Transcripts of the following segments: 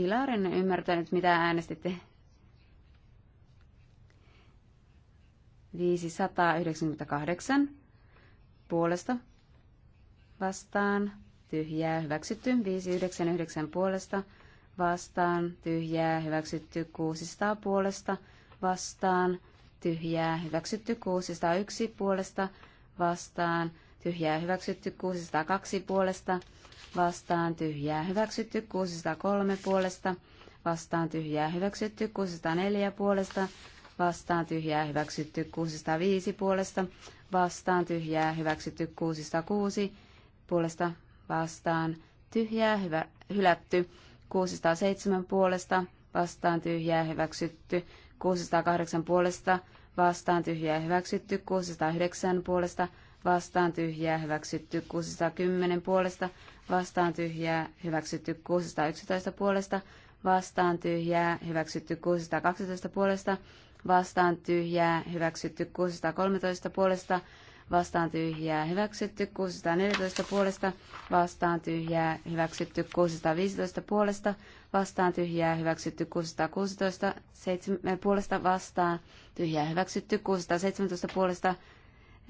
Pilar, en ymmärtänyt mitä äänestitte. 598 puolesta vastaan tyhjää hyväksytty 599 puolesta vastaan tyhjää hyväksytty 600 puolesta vastaan tyhjää hyväksytty 601 puolesta vastaan tyhjää hyväksytty 602 puolesta, vastaan tyhjää hyväksytty 603 puolesta, vastaan tyhjää hyväksytty 604 puolesta, vastaan tyhjää hyväksytty 605 puolesta, vastaan tyhjää hyväksytty 606 puolesta, vastaan tyhjää hyvä, hylätty 607 puolesta, vastaan tyhjää hyväksytty 608 puolesta, vastaan tyhjää hyväksytty 609 puolesta, vastaan tyhjää hyväksytty 610 puolesta, vastaan tyhjää hyväksytty 611 puolesta, vastaan tyhjää hyväksytty 612 puolesta, vastaan tyhjää hyväksytty 613 puolesta, vastaan tyhjää hyväksytty 614 puolesta, vastaan tyhjää hyväksytty 615 puolesta, vastaan tyhjää hyväksytty 616 7, puolesta, vastaan tyhjää hyväksytty 617 puolesta,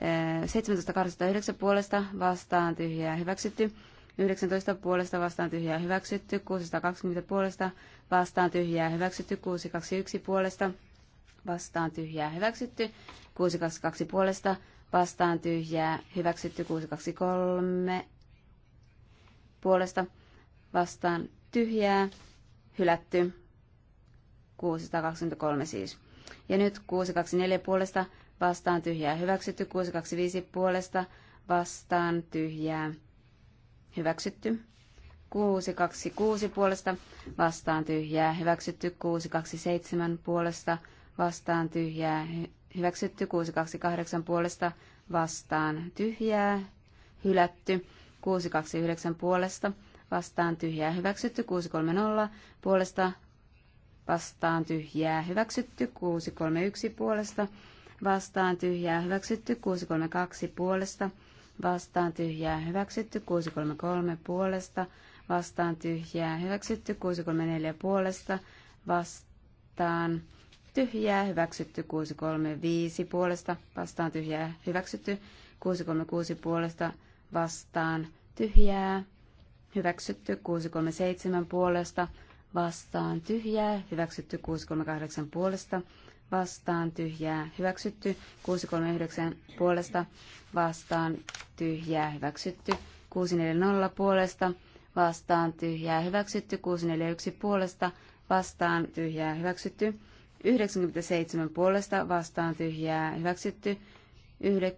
17.809 puolesta vastaan tyhjää hyväksytty. 19 puolesta vastaan tyhjää hyväksytty. 620 puolesta vastaan tyhjää hyväksytty. 621 puolesta vastaan tyhjää hyväksytty. 622 puolesta vastaan tyhjää hyväksytty. 623 puolesta vastaan tyhjää hylätty. 623 siis. Ja nyt 624 puolesta vastaan tyhjää hyväksytty, 625 puolesta vastaan tyhjää hyväksytty. 626 puolesta vastaan tyhjää hyväksytty, 627 puolesta vastaan tyhjää hyväksytty, 628 puolesta vastaan tyhjää hylätty, 629 puolesta vastaan tyhjää hyväksytty, 630 puolesta vastaan tyhjää hyväksytty, 631 puolesta vastaan tyhjää hyväksytty 632 puolesta, vastaan tyhjää hyväksytty 633 puolesta, vastaan tyhjää hyväksytty 634 puolesta, vastaan tyhjää hyväksytty 635 puolesta, vastaan tyhjää hyväksytty 636 puolesta, vastaan tyhjää hyväksytty 637 puolesta, vastaan tyhjää hyväksytty 638 puolesta, vastaan tyhjää hyväksytty, 639 puolesta vastaan tyhjää hyväksytty, 640 puolesta vastaan tyhjää hyväksytty, 641 puolesta vastaan tyhjää hyväksytty, 97 puolesta vastaan tyhjää hyväksytty, Yhde,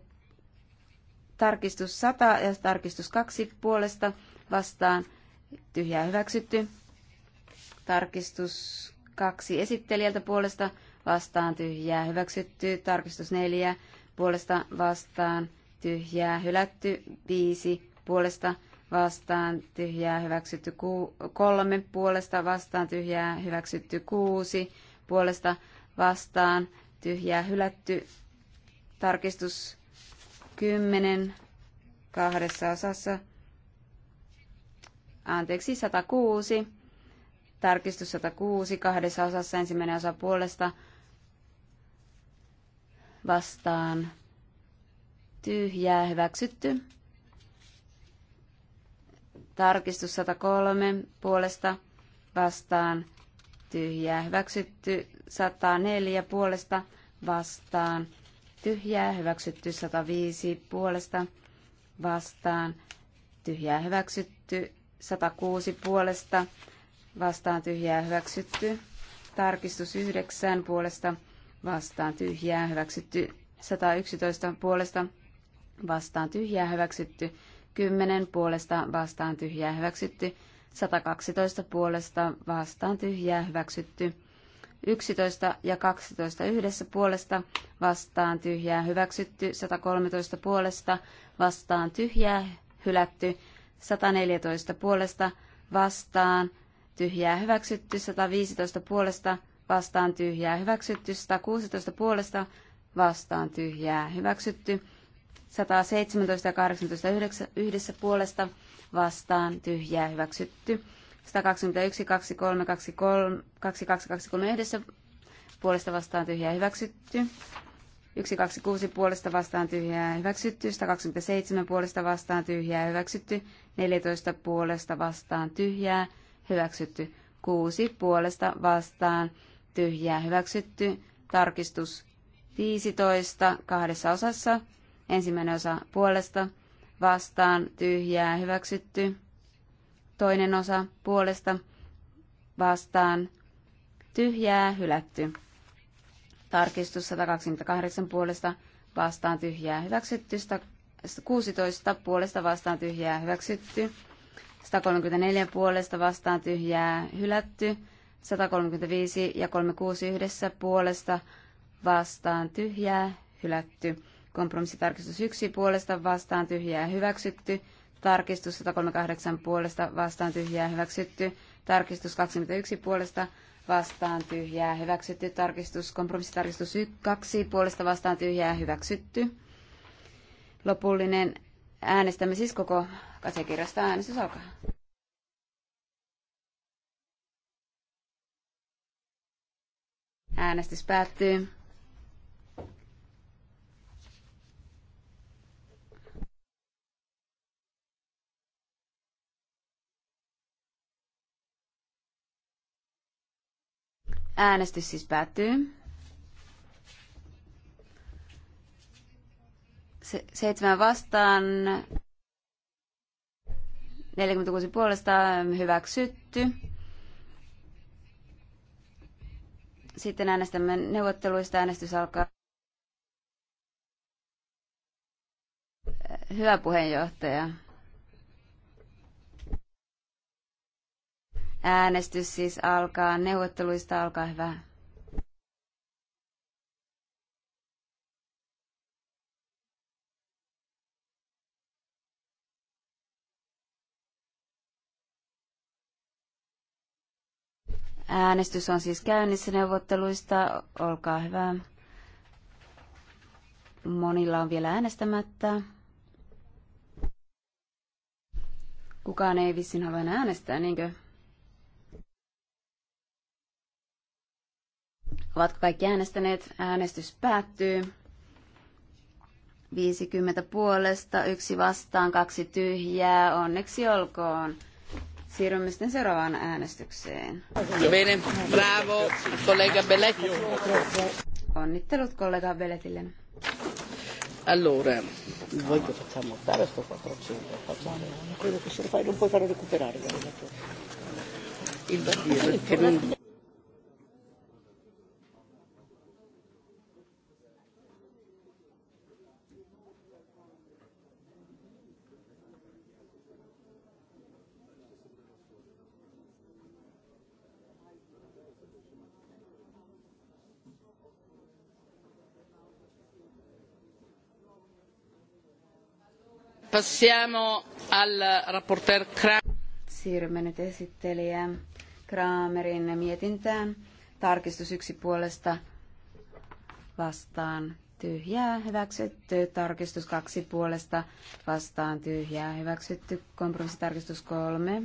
tarkistus 100 ja tarkistus 2 puolesta vastaan tyhjää hyväksytty, tarkistus 2 esittelijältä puolesta vastaan tyhjää hyväksytty, tarkistus 4 puolesta vastaan tyhjää hylätty, 5 puolesta vastaan tyhjää hyväksytty, 3 puolesta vastaan tyhjää hyväksytty, 6 puolesta vastaan tyhjää hylätty, tarkistus 10 kahdessa osassa, anteeksi 106, tarkistus 106 kahdessa osassa ensimmäinen osa puolesta vastaan tyhjää hyväksytty. Tarkistus 103 puolesta vastaan tyhjää hyväksytty. 104 puolesta vastaan tyhjää hyväksytty. 105 puolesta vastaan tyhjää hyväksytty. 106 puolesta vastaan tyhjää hyväksytty. Tarkistus 9 puolesta vastaan vastaan tyhjää hyväksytty 111 puolesta vastaan tyhjää hyväksytty 10 puolesta vastaan tyhjää hyväksytty 112 puolesta vastaan tyhjää hyväksytty 11 ja 12 yhdessä puolesta vastaan tyhjää hyväksytty 113 puolesta vastaan tyhjää hylätty 114 puolesta vastaan tyhjää hyväksytty 115 puolesta vastaan tyhjää hyväksytty, 116 puolesta vastaan tyhjää hyväksytty, 117 ja 18 yhdessä puolesta vastaan tyhjää hyväksytty, 121, 23, 23, 22, 23 yhdessä puolesta vastaan tyhjää hyväksytty, 126 puolesta vastaan tyhjää hyväksytty, 127 puolesta vastaan tyhjää hyväksytty, 14 puolesta vastaan tyhjää hyväksytty, 6 puolesta vastaan tyhjää hyväksytty. Tarkistus 15 kahdessa osassa. Ensimmäinen osa puolesta vastaan tyhjää hyväksytty. Toinen osa puolesta vastaan tyhjää hylätty. Tarkistus 128 puolesta vastaan tyhjää hyväksytty. 16 puolesta vastaan tyhjää hyväksytty. 134 puolesta vastaan tyhjää hylätty. 135 ja 36 yhdessä puolesta vastaan tyhjää hylätty. Kompromissitarkistus 1 puolesta vastaan tyhjää hyväksytty. Tarkistus 138 puolesta vastaan tyhjää hyväksytty. Tarkistus 21 puolesta vastaan tyhjää hyväksytty. Tarkistus, kompromissitarkistus 2 puolesta vastaan tyhjää hyväksytty. Lopullinen äänestämme siis koko asiakirjasta äänestys alkaa. Äänestys päättyy. Äänestys siis päättyy. 7 seitsemän vastaan, 46 puolesta hyväksytty. Sitten äänestämme neuvotteluista. Äänestys alkaa. Hyvä puheenjohtaja. Äänestys siis alkaa. Neuvotteluista alkaa hyvä. Äänestys on siis käynnissä neuvotteluista. Olkaa hyvä. Monilla on vielä äänestämättä. Kukaan ei vissiin halua enää äänestää, niinkö? Ovatko kaikki äänestäneet? Äänestys päättyy. 50 puolesta, yksi vastaan, kaksi tyhjää. Onneksi olkoon. Siirrymme sitten seuraavaan äänestykseen. Bene, bravo, kollega Bellet. Onnittelut kollega Beletille. Allora, voi che facciamo fare sto 400? Facciamo, non credo che se lo fai non puoi farlo recuperare. Il bambino, che non... Passiamo al rapporteur Kramer. Siirrymme nyt esittelijä Kramerin mietintään. Tarkistus yksi puolesta vastaan tyhjää hyväksytty. Tarkistus kaksi puolesta vastaan tyhjää hyväksytty. Kompromissitarkistus kolme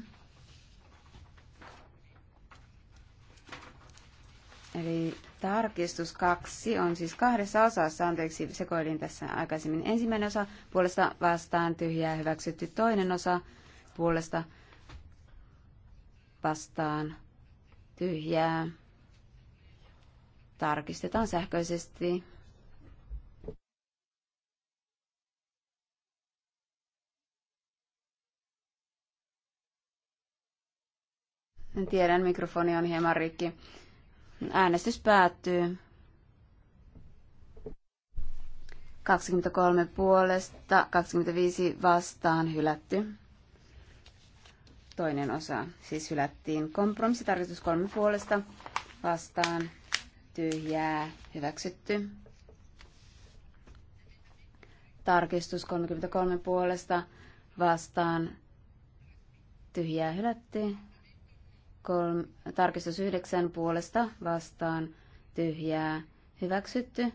Eli tarkistus kaksi on siis kahdessa osassa, anteeksi sekoilin tässä aikaisemmin. Ensimmäinen osa puolesta vastaan tyhjää hyväksytty, toinen osa puolesta vastaan tyhjää. Tarkistetaan sähköisesti. En Tiedän, mikrofoni on hieman rikki. Äänestys päättyy. 23 puolesta, 25 vastaan hylätty. Toinen osa siis hylättiin. Kompromissitarkistus kolme puolesta vastaan tyhjää hyväksytty. Tarkistus 33 puolesta vastaan tyhjää hylätty. Kolm, tarkistus yhdeksän puolesta vastaan tyhjää hyväksytty.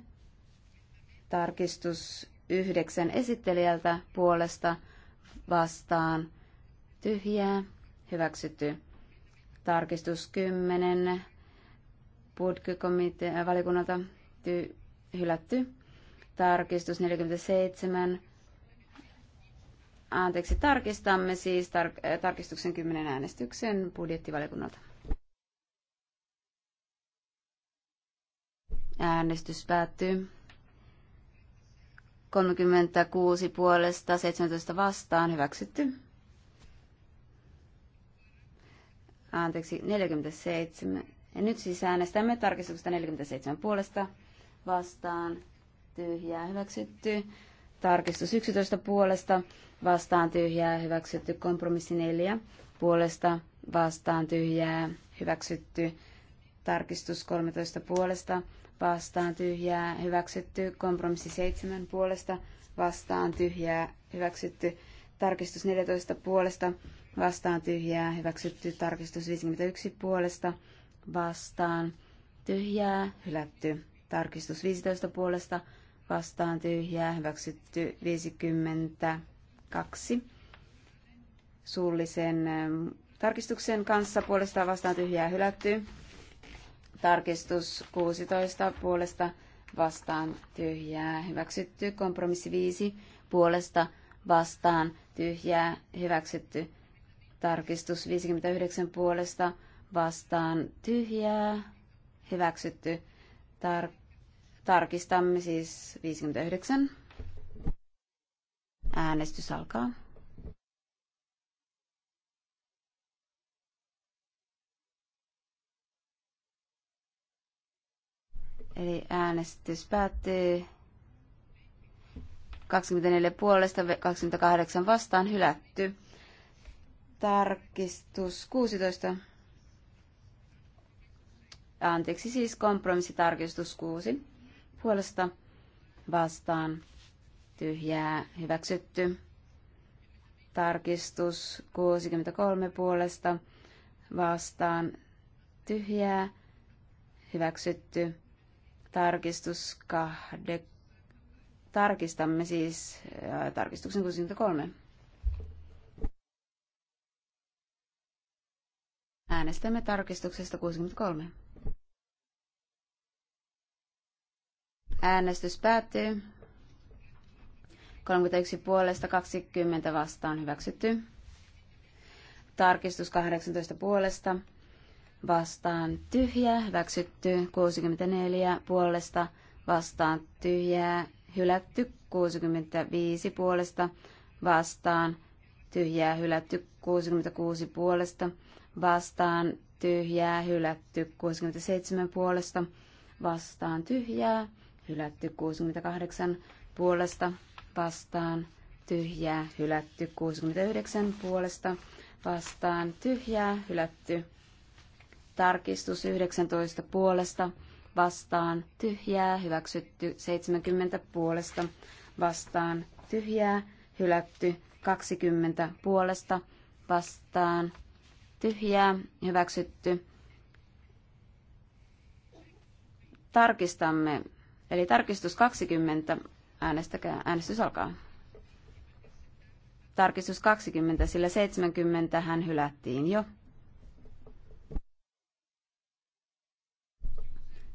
Tarkistus yhdeksän esittelijältä puolesta vastaan tyhjää hyväksytty. Tarkistus kymmenen budkykomitean valikunnalta ty- hylätty. Tarkistus 47 Anteeksi, tarkistamme siis tar- äh, tarkistuksen kymmenen äänestyksen budjettivaliokunnalta. Äänestys päättyy. 36 puolesta, 17 vastaan, hyväksytty. Anteeksi, 47. Ja nyt siis äänestämme tarkistuksesta 47 puolesta, vastaan, tyhjää, hyväksytty. Tarkistus 11 puolesta vastaan tyhjää hyväksytty. Kompromissi 4 puolesta vastaan tyhjää hyväksytty. Tarkistus 13 puolesta vastaan tyhjää hyväksytty. Kompromissi 7 puolesta vastaan tyhjää hyväksytty. Tarkistus 14 puolesta vastaan tyhjää hyväksytty. Tarkistus 51 puolesta vastaan tyhjää hylätty. Tarkistus 15 puolesta vastaan, vastaan tyhjää hyväksytty 52 suullisen ähm, tarkistuksen kanssa puolesta vastaan tyhjää hylätty. Tarkistus 16 puolesta vastaan tyhjää hyväksytty. Kompromissi 5 puolesta vastaan tyhjää hyväksytty. Tarkistus 59 puolesta vastaan tyhjää hyväksytty. tark Tarkistamme siis 59. Äänestys alkaa. Eli äänestys päättyy 24 puolesta 28 vastaan hylätty. Tarkistus 16. Anteeksi siis kompromissitarkistus 6 puolesta vastaan tyhjää hyväksytty. Tarkistus 63 puolesta vastaan tyhjää hyväksytty. Tarkistus kahde. Tarkistamme siis ää, äh, tarkistuksen 63. Äänestämme tarkistuksesta 63. Äänestys päättyy. 31 puolesta 20 vastaan hyväksytty. Tarkistus 18 puolesta vastaan tyhjä, hyväksytty. 64 puolesta vastaan tyhjää hylätty. 65 puolesta vastaan tyhjää hylätty. 66 puolesta vastaan tyhjää hylätty. 67 puolesta vastaan tyhjää hylätty 68 puolesta vastaan tyhjää hylätty 69 puolesta vastaan tyhjää hylätty tarkistus 19 puolesta vastaan tyhjää hyväksytty 70 puolesta vastaan tyhjää hylätty 20 puolesta vastaan tyhjää hyväksytty tarkistamme Eli tarkistus 20. Äänestäkää. Äänestys alkaa. Tarkistus 20, sillä 70 hän hylättiin jo.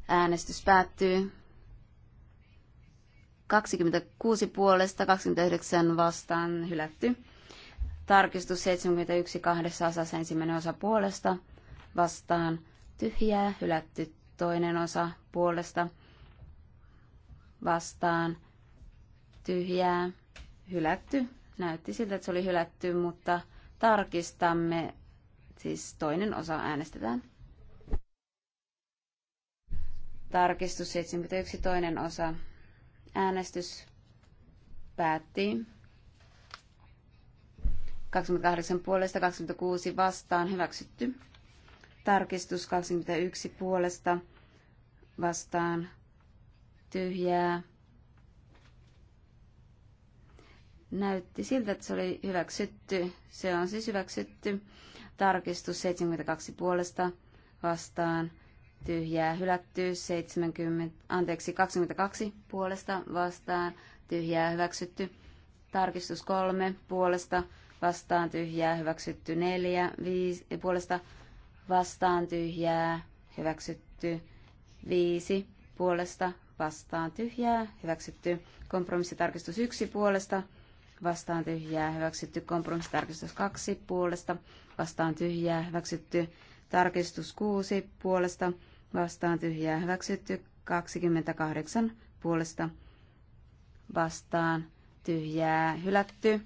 Äänestys päättyy. 26 puolesta, 29 vastaan hylätty. Tarkistus 71 kahdessa osassa ensimmäinen osa puolesta, vastaan tyhjää, hylätty toinen osa puolesta, vastaan tyhjää hylätty. Näytti siltä, että se oli hylätty, mutta tarkistamme. Siis toinen osa äänestetään. Tarkistus 71, toinen osa. Äänestys päätti. 28 puolesta, 26 vastaan, hyväksytty. Tarkistus 21 puolesta, vastaan, tyhjää. Näytti siltä, että se oli hyväksytty. Se on siis hyväksytty. Tarkistus 72 puolesta vastaan tyhjää hylätty 70, anteeksi 22 puolesta vastaan tyhjää hyväksytty. Tarkistus 3 puolesta vastaan tyhjää hyväksytty 4 5, eh, puolesta vastaan tyhjää hyväksytty 5 puolesta vastaan tyhjää, hyväksytty. Kompromissitarkistus 1 puolesta, vastaan tyhjää, hyväksytty. Kompromissitarkistus 2 puolesta, vastaan tyhjää, hyväksytty. Tarkistus 6 puolesta, vastaan tyhjää, hyväksytty. 28 puolesta, vastaan tyhjää, hylätty.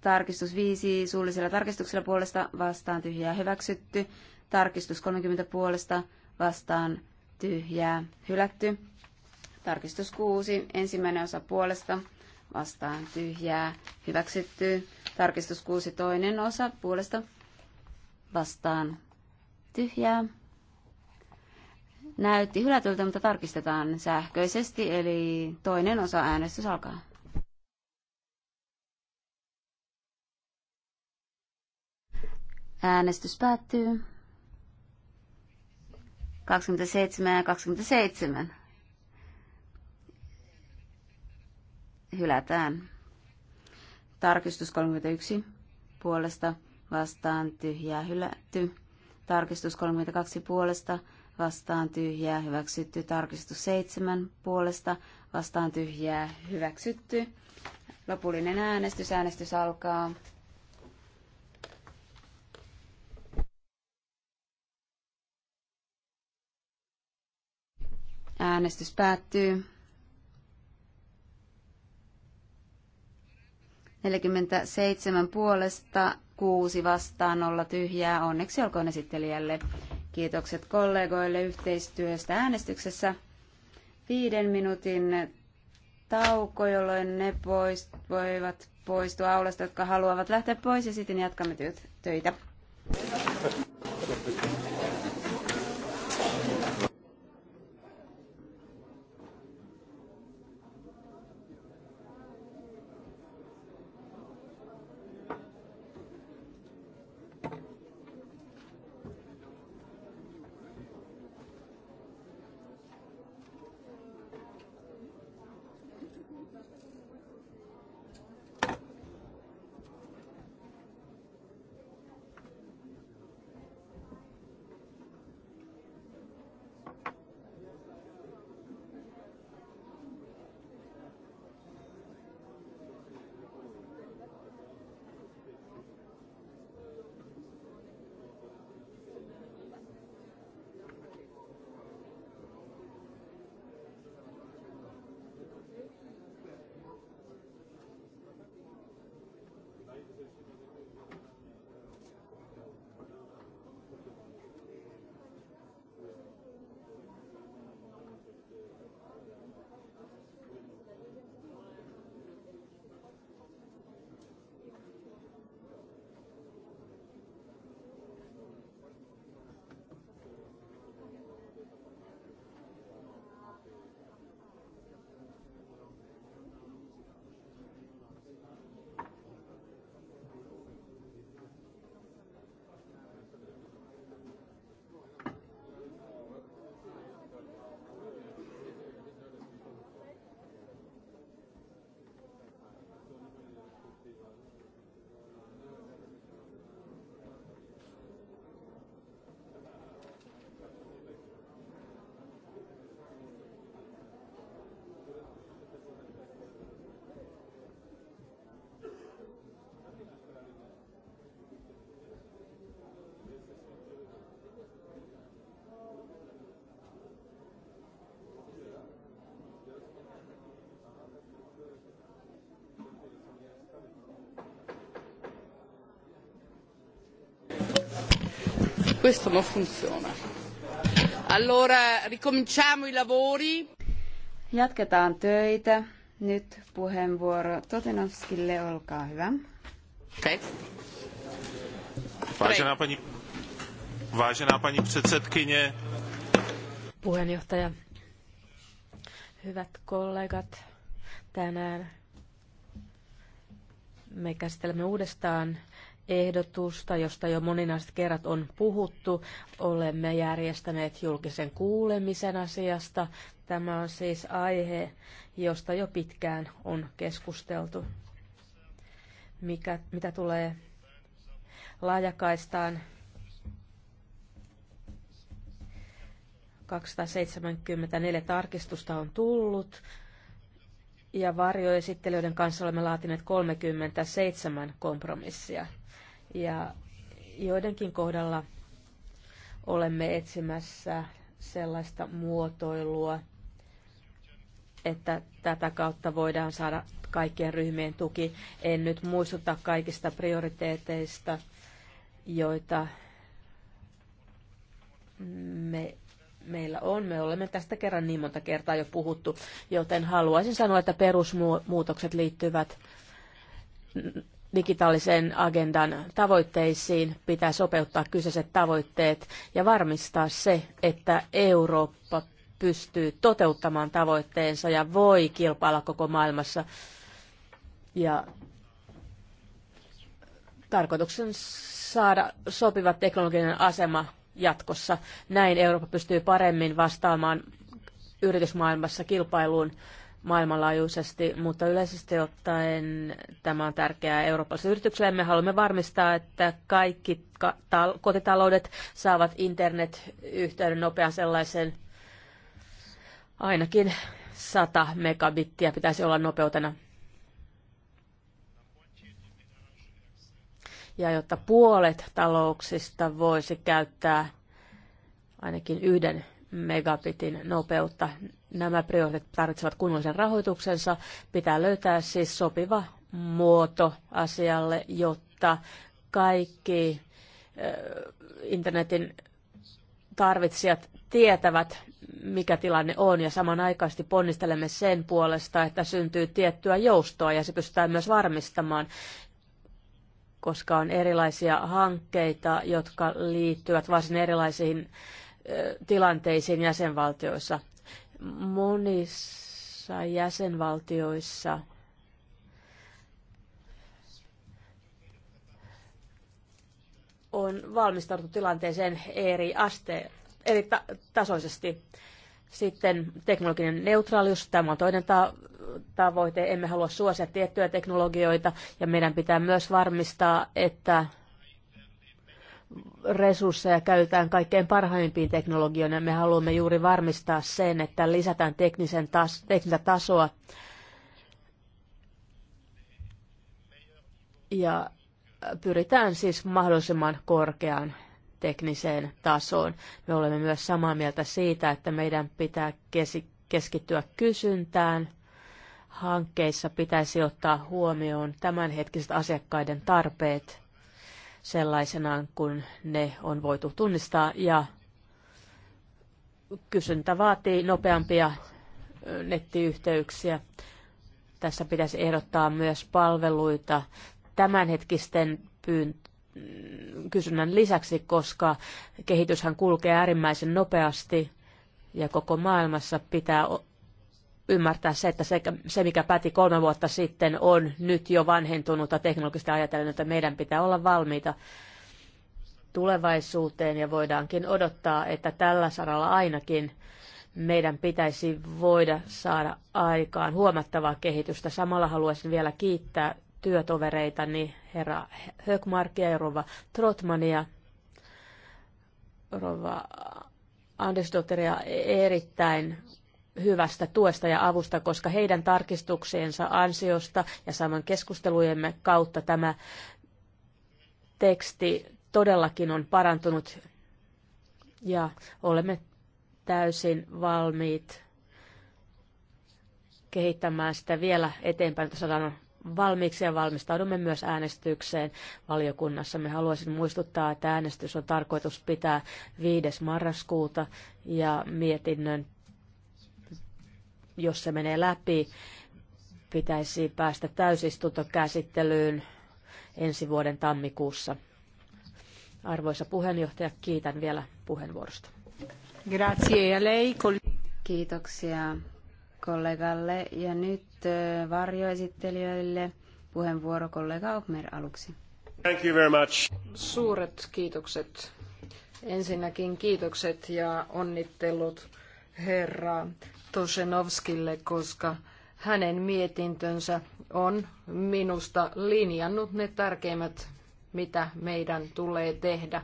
Tarkistus 5 suullisella tarkistuksella puolesta, vastaan tyhjää, hyväksytty. Tarkistus 30 puolesta, vastaan tyhjää, hylätty. Tarkistus 6, ensimmäinen osa puolesta, vastaan tyhjää, hyväksytty. Tarkistus 6, toinen osa puolesta, vastaan tyhjää. Näytti hylätyltä, mutta tarkistetaan sähköisesti, eli toinen osa äänestys alkaa. Äänestys päättyy. 27 ja 27 hylätään. Tarkistus 31 puolesta vastaan tyhjää hylätty. Tarkistus 32 puolesta vastaan tyhjää hyväksytty. Tarkistus 7 puolesta vastaan tyhjää hyväksytty. Lopullinen äänestys. Äänestys alkaa. Äänestys päättyy. 47 puolesta, 6 vastaan, 0 tyhjää. Onneksi olkoon esittelijälle. Kiitokset kollegoille yhteistyöstä äänestyksessä. Viiden minuutin tauko, jolloin ne poist, voivat poistua aulasta, jotka haluavat lähteä pois, ja sitten jatkamme työt, töitä. questo non funziona. Allora, ricominciamo i lavori. Jatketaan töitä. Nyt puheenvuoro Totenovskille, olkaa hyvä. Okay. Vážená paní, vážená paní předsedkyně. Puheenjohtaja, hyvät kollegat, tänään me käsittelemme uudestaan ehdotusta, josta jo moninaiset kerrat on puhuttu. Olemme järjestäneet julkisen kuulemisen asiasta. Tämä on siis aihe, josta jo pitkään on keskusteltu. Mikä, mitä tulee laajakaistaan 274 tarkistusta on tullut ja varjoesittelijöiden kanssa olemme laatineet 37 kompromissia. Ja joidenkin kohdalla olemme etsimässä sellaista muotoilua, että tätä kautta voidaan saada kaikkien ryhmien tuki. En nyt muistuta kaikista prioriteeteista, joita me, meillä on. Me olemme tästä kerran niin monta kertaa jo puhuttu, joten haluaisin sanoa, että perusmuutokset liittyvät digitaalisen agendan tavoitteisiin pitää sopeuttaa kyseiset tavoitteet ja varmistaa se, että Eurooppa pystyy toteuttamaan tavoitteensa ja voi kilpailla koko maailmassa. Ja tarkoituksen saada sopiva teknologinen asema jatkossa. Näin Eurooppa pystyy paremmin vastaamaan yritysmaailmassa kilpailuun maailmanlaajuisesti, mutta yleisesti ottaen tämä on tärkeää eurooppalaisille yrityksille. Me haluamme varmistaa, että kaikki kotitaloudet saavat internet-yhteyden nopean sellaisen ainakin 100 megabittiä pitäisi olla nopeutena. Ja jotta puolet talouksista voisi käyttää ainakin yhden megabitin nopeutta. Nämä prioriteetit tarvitsevat kunnollisen rahoituksensa. Pitää löytää siis sopiva muoto asialle, jotta kaikki eh, internetin tarvitsijat tietävät, mikä tilanne on, ja samanaikaisesti ponnistelemme sen puolesta, että syntyy tiettyä joustoa, ja se pystytään myös varmistamaan, koska on erilaisia hankkeita, jotka liittyvät varsin erilaisiin tilanteisiin jäsenvaltioissa. Monissa jäsenvaltioissa on valmistautunut tilanteeseen eri aste, eri ta- tasoisesti. Sitten teknologinen neutraalius, tämä on toinen ta- tavoite. Emme halua suosia tiettyjä teknologioita ja meidän pitää myös varmistaa, että resursseja käytetään kaikkein parhaimpiin teknologioihin ja me haluamme juuri varmistaa sen, että lisätään teknisen tas- teknistä tasoa ja pyritään siis mahdollisimman korkeaan tekniseen tasoon. Me olemme myös samaa mieltä siitä, että meidän pitää keskittyä kysyntään. Hankkeissa pitäisi ottaa huomioon tämänhetkiset asiakkaiden tarpeet sellaisenaan, kuin ne on voitu tunnistaa ja kysyntä vaatii nopeampia nettiyhteyksiä. Tässä pitäisi ehdottaa myös palveluita tämänhetkisten pyynt- kysynnän lisäksi, koska kehityshän kulkee äärimmäisen nopeasti ja koko maailmassa pitää ymmärtää se, että se, se mikä päti kolme vuotta sitten, on nyt jo vanhentunutta teknologista ajatellen, että meidän pitää olla valmiita tulevaisuuteen ja voidaankin odottaa, että tällä saralla ainakin meidän pitäisi voida saada aikaan huomattavaa kehitystä. Samalla haluaisin vielä kiittää työtovereitani herra Högmarkia ja rova Trotmania, rova Andersdotteria erittäin hyvästä tuesta ja avusta, koska heidän tarkistuksiensa ansiosta ja saman keskustelujemme kautta tämä teksti todellakin on parantunut ja olemme täysin valmiit kehittämään sitä vielä eteenpäin, että saadaan valmiiksi ja valmistaudumme myös äänestykseen valiokunnassa. Me haluaisin muistuttaa, että äänestys on tarkoitus pitää 5. marraskuuta ja mietinnön jos se menee läpi, pitäisi päästä täysistuntokäsittelyyn ensi vuoden tammikuussa. Arvoisa puheenjohtaja, kiitän vielä puheenvuorosta. Grazie lei. Kiitoksia kollegalle ja nyt varjoesittelijöille puheenvuoro kollega Okmer aluksi. Thank you very much. Suuret kiitokset. Ensinnäkin kiitokset ja onnittelut herra Tosenovskille, koska hänen mietintönsä on minusta linjannut ne tärkeimmät, mitä meidän tulee tehdä.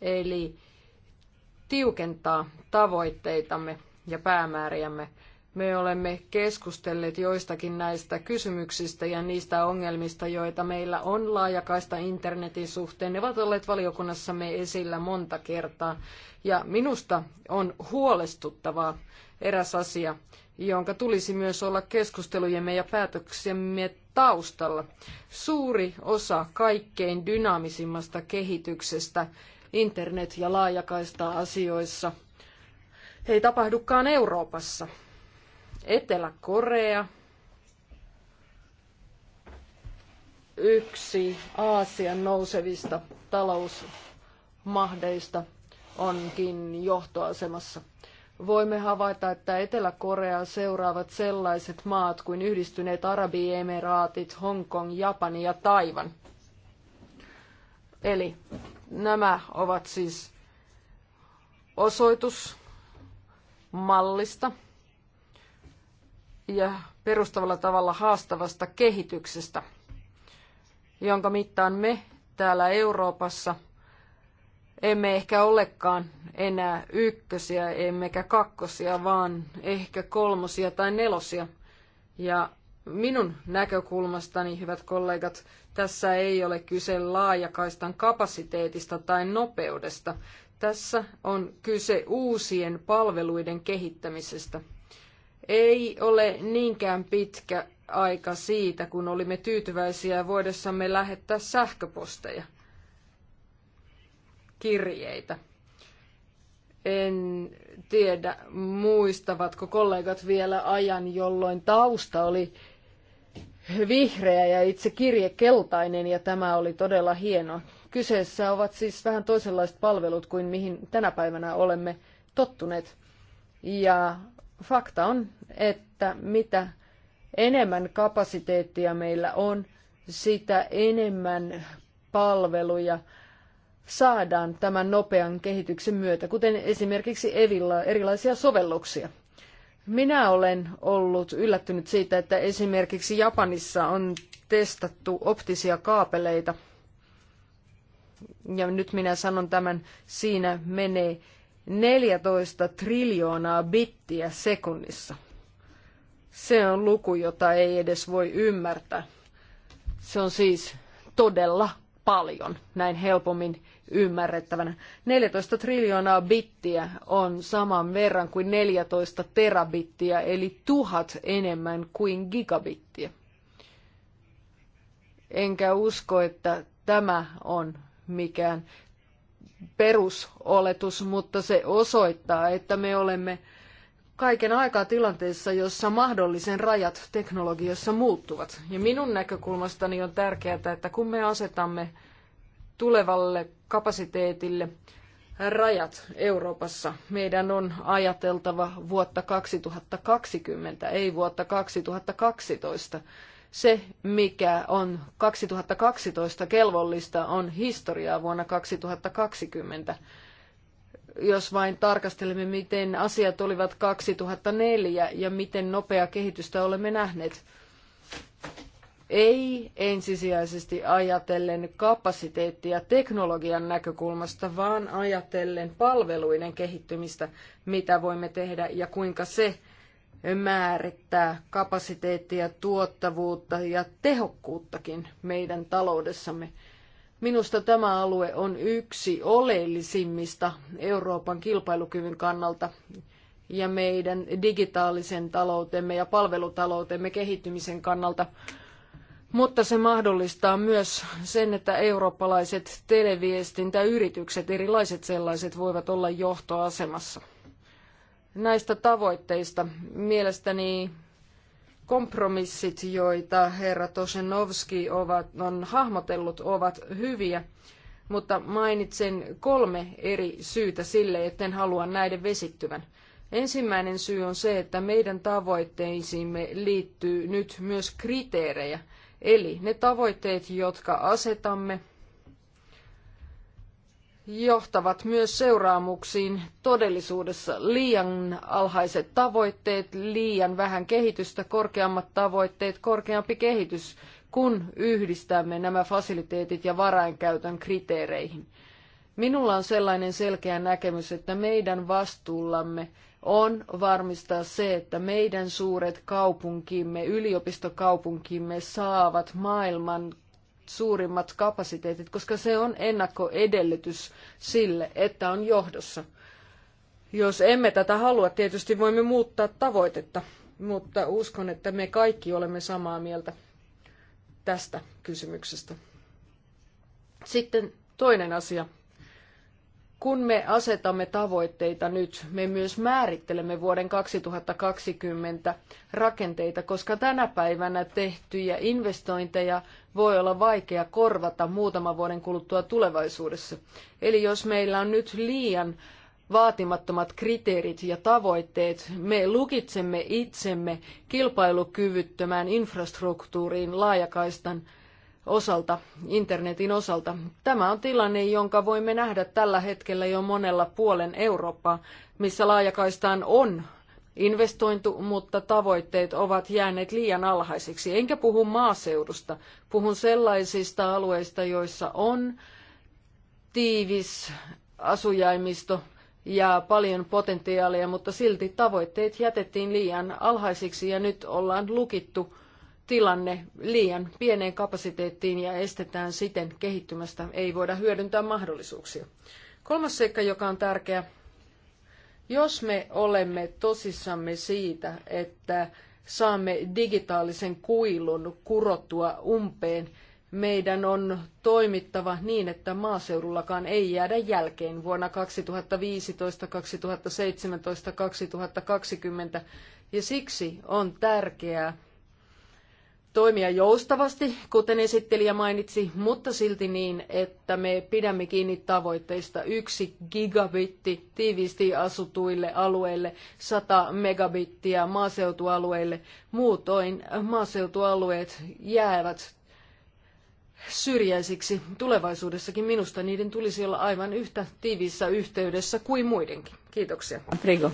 Eli tiukentaa tavoitteitamme ja päämääriämme. Me olemme keskustelleet joistakin näistä kysymyksistä ja niistä ongelmista, joita meillä on laajakaista internetin suhteen. Ne ovat olleet valiokunnassamme esillä monta kertaa. Ja minusta on huolestuttavaa, eräs asia, jonka tulisi myös olla keskustelujemme ja päätöksemme taustalla. Suuri osa kaikkein dynaamisimmasta kehityksestä internet- ja laajakaista-asioissa ei tapahdukaan Euroopassa. Etelä-Korea, yksi Aasian nousevista talousmahdeista, onkin johtoasemassa – voimme havaita, että Etelä-Korea seuraavat sellaiset maat kuin Yhdistyneet Arabiemiraatit, Hongkong, Japani ja Taivan. Eli nämä ovat siis osoitus mallista ja perustavalla tavalla haastavasta kehityksestä, jonka mittaan me täällä Euroopassa – emme ehkä olekaan enää ykkösiä, emmekä kakkosia, vaan ehkä kolmosia tai nelosia. Ja minun näkökulmastani, hyvät kollegat, tässä ei ole kyse laajakaistan kapasiteetista tai nopeudesta. Tässä on kyse uusien palveluiden kehittämisestä. Ei ole niinkään pitkä aika siitä, kun olimme tyytyväisiä voidessamme lähettää sähköposteja kirjeitä. En tiedä, muistavatko kollegat vielä ajan, jolloin tausta oli vihreä ja itse kirje keltainen ja tämä oli todella hieno. Kyseessä ovat siis vähän toisenlaiset palvelut kuin mihin tänä päivänä olemme tottuneet. Ja fakta on, että mitä enemmän kapasiteettia meillä on, sitä enemmän palveluja – saadaan tämän nopean kehityksen myötä, kuten esimerkiksi Evilla erilaisia sovelluksia. Minä olen ollut yllättynyt siitä, että esimerkiksi Japanissa on testattu optisia kaapeleita. Ja nyt minä sanon tämän, siinä menee 14 triljoonaa bittiä sekunnissa. Se on luku, jota ei edes voi ymmärtää. Se on siis todella paljon, näin helpommin ymmärrettävänä. 14 triljoonaa bittiä on saman verran kuin 14 terabittiä, eli tuhat enemmän kuin gigabittiä. Enkä usko, että tämä on mikään perusoletus, mutta se osoittaa, että me olemme kaiken aikaa tilanteessa, jossa mahdollisen rajat teknologiassa muuttuvat. Ja minun näkökulmastani on tärkeää, että kun me asetamme tulevalle kapasiteetille rajat Euroopassa, meidän on ajateltava vuotta 2020, ei vuotta 2012. Se, mikä on 2012 kelvollista, on historiaa vuonna 2020 jos vain tarkastelemme, miten asiat olivat 2004 ja miten nopeaa kehitystä olemme nähneet. Ei ensisijaisesti ajatellen kapasiteettia teknologian näkökulmasta, vaan ajatellen palveluiden kehittymistä, mitä voimme tehdä ja kuinka se määrittää kapasiteettia, tuottavuutta ja tehokkuuttakin meidän taloudessamme. Minusta tämä alue on yksi oleellisimmista Euroopan kilpailukyvyn kannalta ja meidän digitaalisen taloutemme ja palvelutaloutemme kehittymisen kannalta. Mutta se mahdollistaa myös sen, että eurooppalaiset televiestintäyritykset, erilaiset sellaiset, voivat olla johtoasemassa. Näistä tavoitteista mielestäni kompromissit, joita herra Tosenovski ovat, on hahmotellut, ovat hyviä, mutta mainitsen kolme eri syytä sille, etten halua näiden vesittyvän. Ensimmäinen syy on se, että meidän tavoitteisiimme liittyy nyt myös kriteerejä, eli ne tavoitteet, jotka asetamme – johtavat myös seuraamuksiin todellisuudessa liian alhaiset tavoitteet, liian vähän kehitystä, korkeammat tavoitteet, korkeampi kehitys, kun yhdistämme nämä fasiliteetit ja varainkäytön kriteereihin. Minulla on sellainen selkeä näkemys, että meidän vastuullamme on varmistaa se, että meidän suuret kaupunkimme, yliopistokaupunkimme saavat maailman suurimmat kapasiteetit, koska se on ennakkoedellytys sille, että on johdossa. Jos emme tätä halua, tietysti voimme muuttaa tavoitetta, mutta uskon, että me kaikki olemme samaa mieltä tästä kysymyksestä. Sitten toinen asia, kun me asetamme tavoitteita nyt, me myös määrittelemme vuoden 2020 rakenteita, koska tänä päivänä tehtyjä investointeja voi olla vaikea korvata muutaman vuoden kuluttua tulevaisuudessa. Eli jos meillä on nyt liian vaatimattomat kriteerit ja tavoitteet, me lukitsemme itsemme kilpailukyvyttömään infrastruktuuriin laajakaistan osalta, internetin osalta. Tämä on tilanne, jonka voimme nähdä tällä hetkellä jo monella puolen Eurooppaa, missä laajakaistaan on investointu, mutta tavoitteet ovat jääneet liian alhaisiksi. Enkä puhu maaseudusta, puhun sellaisista alueista, joissa on tiivis asujaimisto ja paljon potentiaalia, mutta silti tavoitteet jätettiin liian alhaisiksi ja nyt ollaan lukittu tilanne liian pieneen kapasiteettiin ja estetään siten kehittymästä, ei voida hyödyntää mahdollisuuksia. Kolmas seikka, joka on tärkeä, jos me olemme tosissamme siitä, että saamme digitaalisen kuilun kurottua umpeen, meidän on toimittava niin, että maaseudullakaan ei jäädä jälkeen vuonna 2015, 2017, 2020 ja siksi on tärkeää, toimia joustavasti, kuten esittelijä mainitsi, mutta silti niin, että me pidämme kiinni tavoitteista yksi gigabitti tiiviisti asutuille alueille, 100 megabittiä maaseutualueille. Muutoin maaseutualueet jäävät syrjäisiksi tulevaisuudessakin. Minusta niiden tulisi olla aivan yhtä tiiviissä yhteydessä kuin muidenkin. Kiitoksia. Prigo.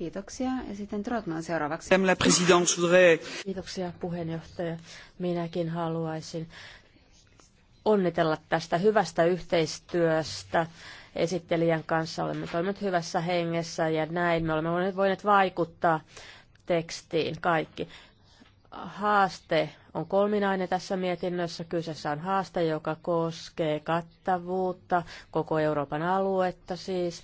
Kiitoksia. Ja sitten Trotman seuraavaksi. Kiitoksia puheenjohtaja. Minäkin haluaisin onnitella tästä hyvästä yhteistyöstä. Esittelijän kanssa olemme toimineet hyvässä hengessä ja näin me olemme voineet vaikuttaa tekstiin kaikki. Haaste on kolminainen tässä mietinnössä. Kyseessä on haaste, joka koskee kattavuutta, koko Euroopan aluetta siis,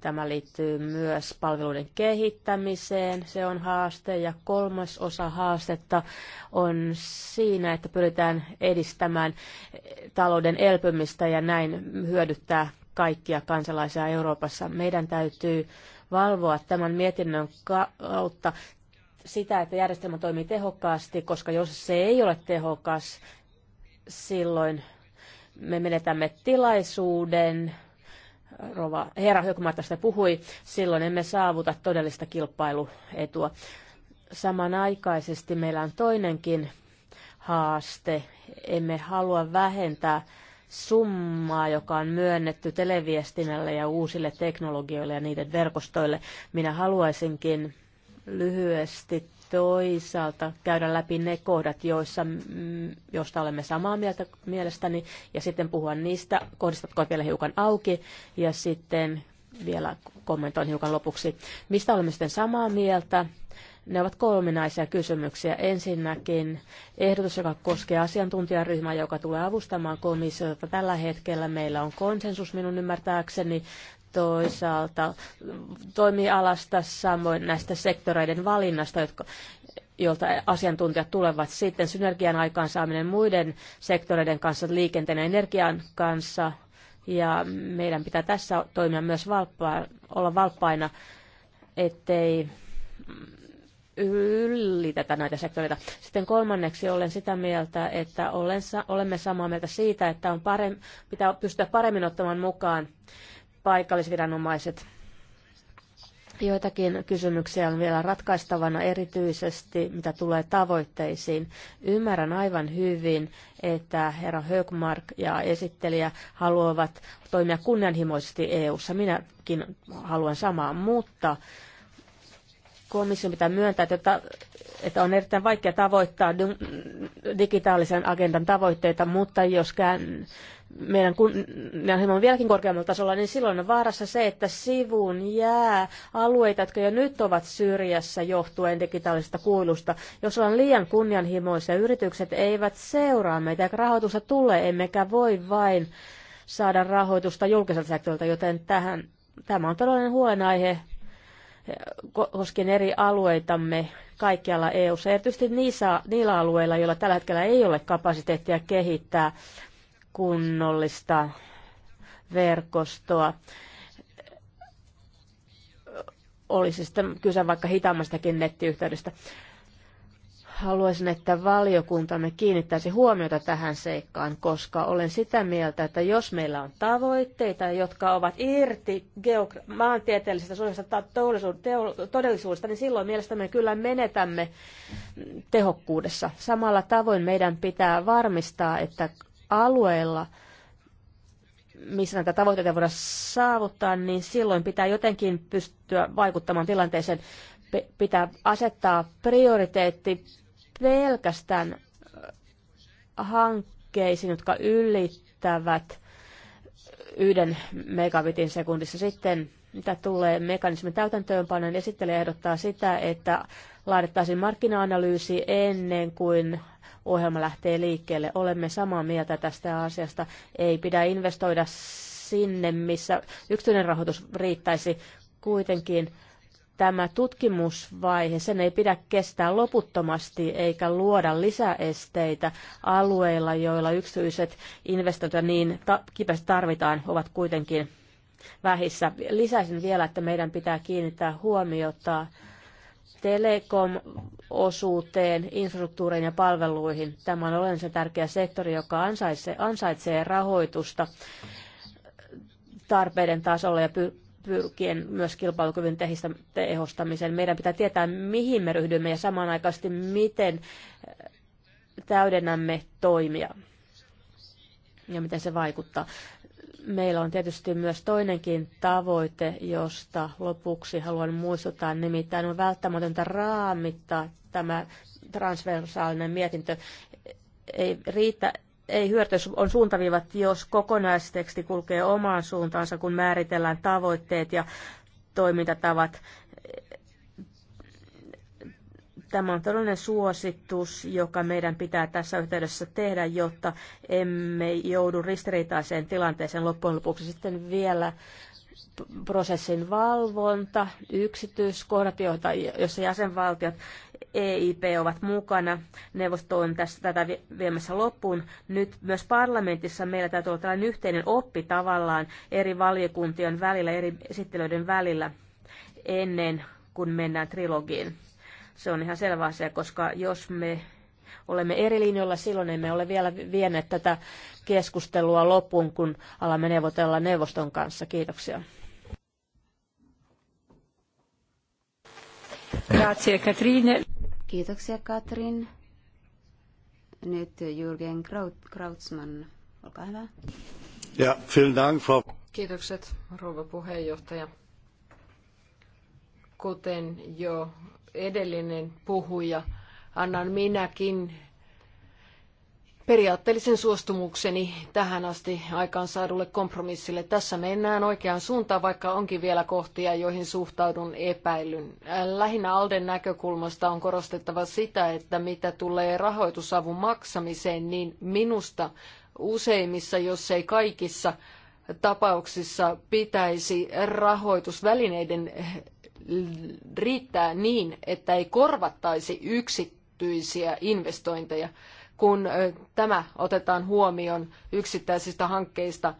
Tämä liittyy myös palveluiden kehittämiseen, se on haaste. Ja kolmas osa haastetta on siinä, että pyritään edistämään talouden elpymistä ja näin hyödyttää kaikkia kansalaisia Euroopassa. Meidän täytyy valvoa tämän mietinnön kautta sitä, että järjestelmä toimii tehokkaasti, koska jos se ei ole tehokas, silloin me menetämme tilaisuuden Rova, herra Hökmar tästä puhui, silloin emme saavuta todellista kilpailuetua. Samanaikaisesti meillä on toinenkin haaste. Emme halua vähentää summaa, joka on myönnetty televiestinnälle ja uusille teknologioille ja niiden verkostoille. Minä haluaisinkin lyhyesti toisaalta käydä läpi ne kohdat, joissa, mm, joista olemme samaa mieltä mielestäni, ja sitten puhua niistä, jotka vielä hiukan auki, ja sitten vielä kommentoin hiukan lopuksi, mistä olemme sitten samaa mieltä. Ne ovat kolminaisia kysymyksiä. Ensinnäkin ehdotus, joka koskee asiantuntijaryhmää, joka tulee avustamaan komissiota. Tällä hetkellä meillä on konsensus minun ymmärtääkseni toisaalta toimialasta, samoin näistä sektoreiden valinnasta, jotka, jolta asiantuntijat tulevat sitten synergian aikaansaaminen muiden sektoreiden kanssa, liikenteen ja energian kanssa. Ja meidän pitää tässä toimia myös valppaa, olla valppaina, ettei ylitetä näitä sektoreita. Sitten kolmanneksi olen sitä mieltä, että olen, olemme samaa mieltä siitä, että on parem, pitää pystyä paremmin ottamaan mukaan paikallisviranomaiset. Joitakin kysymyksiä on vielä ratkaistavana erityisesti, mitä tulee tavoitteisiin. Ymmärrän aivan hyvin, että herra Högmark ja esittelijä haluavat toimia kunnianhimoisesti EU-ssa. Minäkin haluan samaa, mutta komissio pitää myöntää, että, että on erittäin vaikea tavoittaa digitaalisen agendan tavoitteita, mutta jos kään, meidän kun kunnianhimon vieläkin korkeammalla tasolla, niin silloin on vaarassa se, että sivuun jää alueita, jotka jo nyt ovat syrjässä johtuen digitaalisesta kuilusta. Jos on liian kunnianhimoisia, yritykset eivät seuraa meitä, eikä rahoitusta tulee, emmekä voi vain saada rahoitusta julkiselta sektorilta, joten tähän, tämä on todellinen huolenaihe koskien eri alueitamme kaikkialla EU-ssa, erityisesti niissä, niillä alueilla, joilla tällä hetkellä ei ole kapasiteettia kehittää kunnollista verkostoa. Olisi sitten kyse vaikka hitaammastakin nettiyhteydestä. Haluaisin, että valiokuntamme kiinnittäisi huomiota tähän seikkaan, koska olen sitä mieltä, että jos meillä on tavoitteita, jotka ovat irti geogra- maantieteellisestä sosiaalista todellisuudesta, niin silloin mielestämme kyllä menetämme tehokkuudessa. Samalla tavoin meidän pitää varmistaa, että alueilla, missä näitä tavoitteita voidaan saavuttaa, niin silloin pitää jotenkin pystyä vaikuttamaan tilanteeseen. Pitää asettaa prioriteetti pelkästään äh, hankkeisiin, jotka ylittävät yhden megabitin sekunnissa. Sitten mitä tulee mekanismin täytäntöönpanoon, esittelijä ehdottaa sitä, että laadittaisiin markkina-analyysi ennen kuin ohjelma lähtee liikkeelle. Olemme samaa mieltä tästä asiasta. Ei pidä investoida sinne, missä yksityinen rahoitus riittäisi kuitenkin tämä tutkimusvaihe, sen ei pidä kestää loputtomasti eikä luoda lisäesteitä alueilla, joilla yksityiset investoinnit niin ta- kipeästi tarvitaan, ovat kuitenkin vähissä. Lisäisin vielä, että meidän pitää kiinnittää huomiota telekom-osuuteen, infrastruktuuriin ja palveluihin. Tämä on olennaisen tärkeä sektori, joka ansaitsee, ansaitsee rahoitusta tarpeiden tasolla ja pyrkien myös kilpailukyvyn tehostamiseen. Meidän pitää tietää, mihin me ryhdymme ja samanaikaisesti miten eh, täydennämme toimia ja miten se vaikuttaa. Meillä on tietysti myös toinenkin tavoite, josta lopuksi haluan muistuttaa, nimittäin on välttämätöntä raamittaa tämä transversaalinen mietintö. Ei riitä, ei hyötyä, on suuntaviivat, jos kokonaisteksti kulkee omaan suuntaansa, kun määritellään tavoitteet ja toimintatavat. Tämä on todellinen suositus, joka meidän pitää tässä yhteydessä tehdä, jotta emme joudu ristiriitaiseen tilanteeseen loppujen lopuksi. Sitten vielä prosessin valvonta, yksityiskohdat, joita, joissa jäsenvaltiot EIP ovat mukana. Neuvosto on tässä tätä viemässä loppuun. Nyt myös parlamentissa meillä täytyy olla tällainen yhteinen oppi tavallaan eri valiokuntien välillä, eri esittelyiden välillä ennen kuin mennään trilogiin. Se on ihan selvä asia, koska jos me olemme eri linjoilla, silloin emme ole vielä vienneet tätä keskustelua loppuun, kun alamme neuvotella neuvoston kanssa. Kiitoksia. Grazie, Katrine. Kiitoksia, Katrin. Nyt Jürgen Krautsman, olkaa hyvä. Ja, vielen Dank, Frau. Kiitokset, rouva puheenjohtaja. Kuten jo edellinen puhuja, annan minäkin periaatteellisen suostumukseni tähän asti aikaansaadulle kompromissille. Tässä mennään oikeaan suuntaan, vaikka onkin vielä kohtia, joihin suhtaudun epäilyn. Lähinnä Alden näkökulmasta on korostettava sitä, että mitä tulee rahoitusavun maksamiseen, niin minusta useimmissa, jos ei kaikissa tapauksissa pitäisi rahoitusvälineiden riittää niin, että ei korvattaisi yksityisiä investointeja, kun tämä otetaan huomioon yksittäisistä hankkeista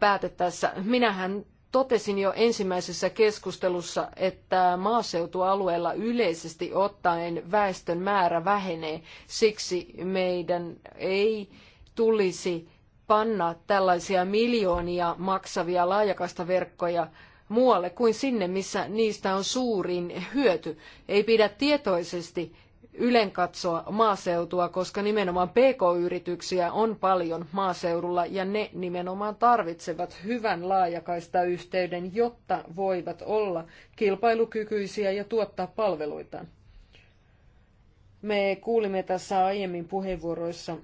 päätettäessä. Minähän totesin jo ensimmäisessä keskustelussa, että maaseutualueella yleisesti ottaen väestön määrä vähenee. Siksi meidän ei tulisi panna tällaisia miljoonia maksavia laajakaistaverkkoja muualle kuin sinne, missä niistä on suurin hyöty. Ei pidä tietoisesti ylen katsoa maaseutua, koska nimenomaan PK-yrityksiä on paljon maaseudulla ja ne nimenomaan tarvitsevat hyvän laajakaistayhteyden, jotta voivat olla kilpailukykyisiä ja tuottaa palveluitaan. Me kuulimme tässä aiemmin puheenvuoroissa,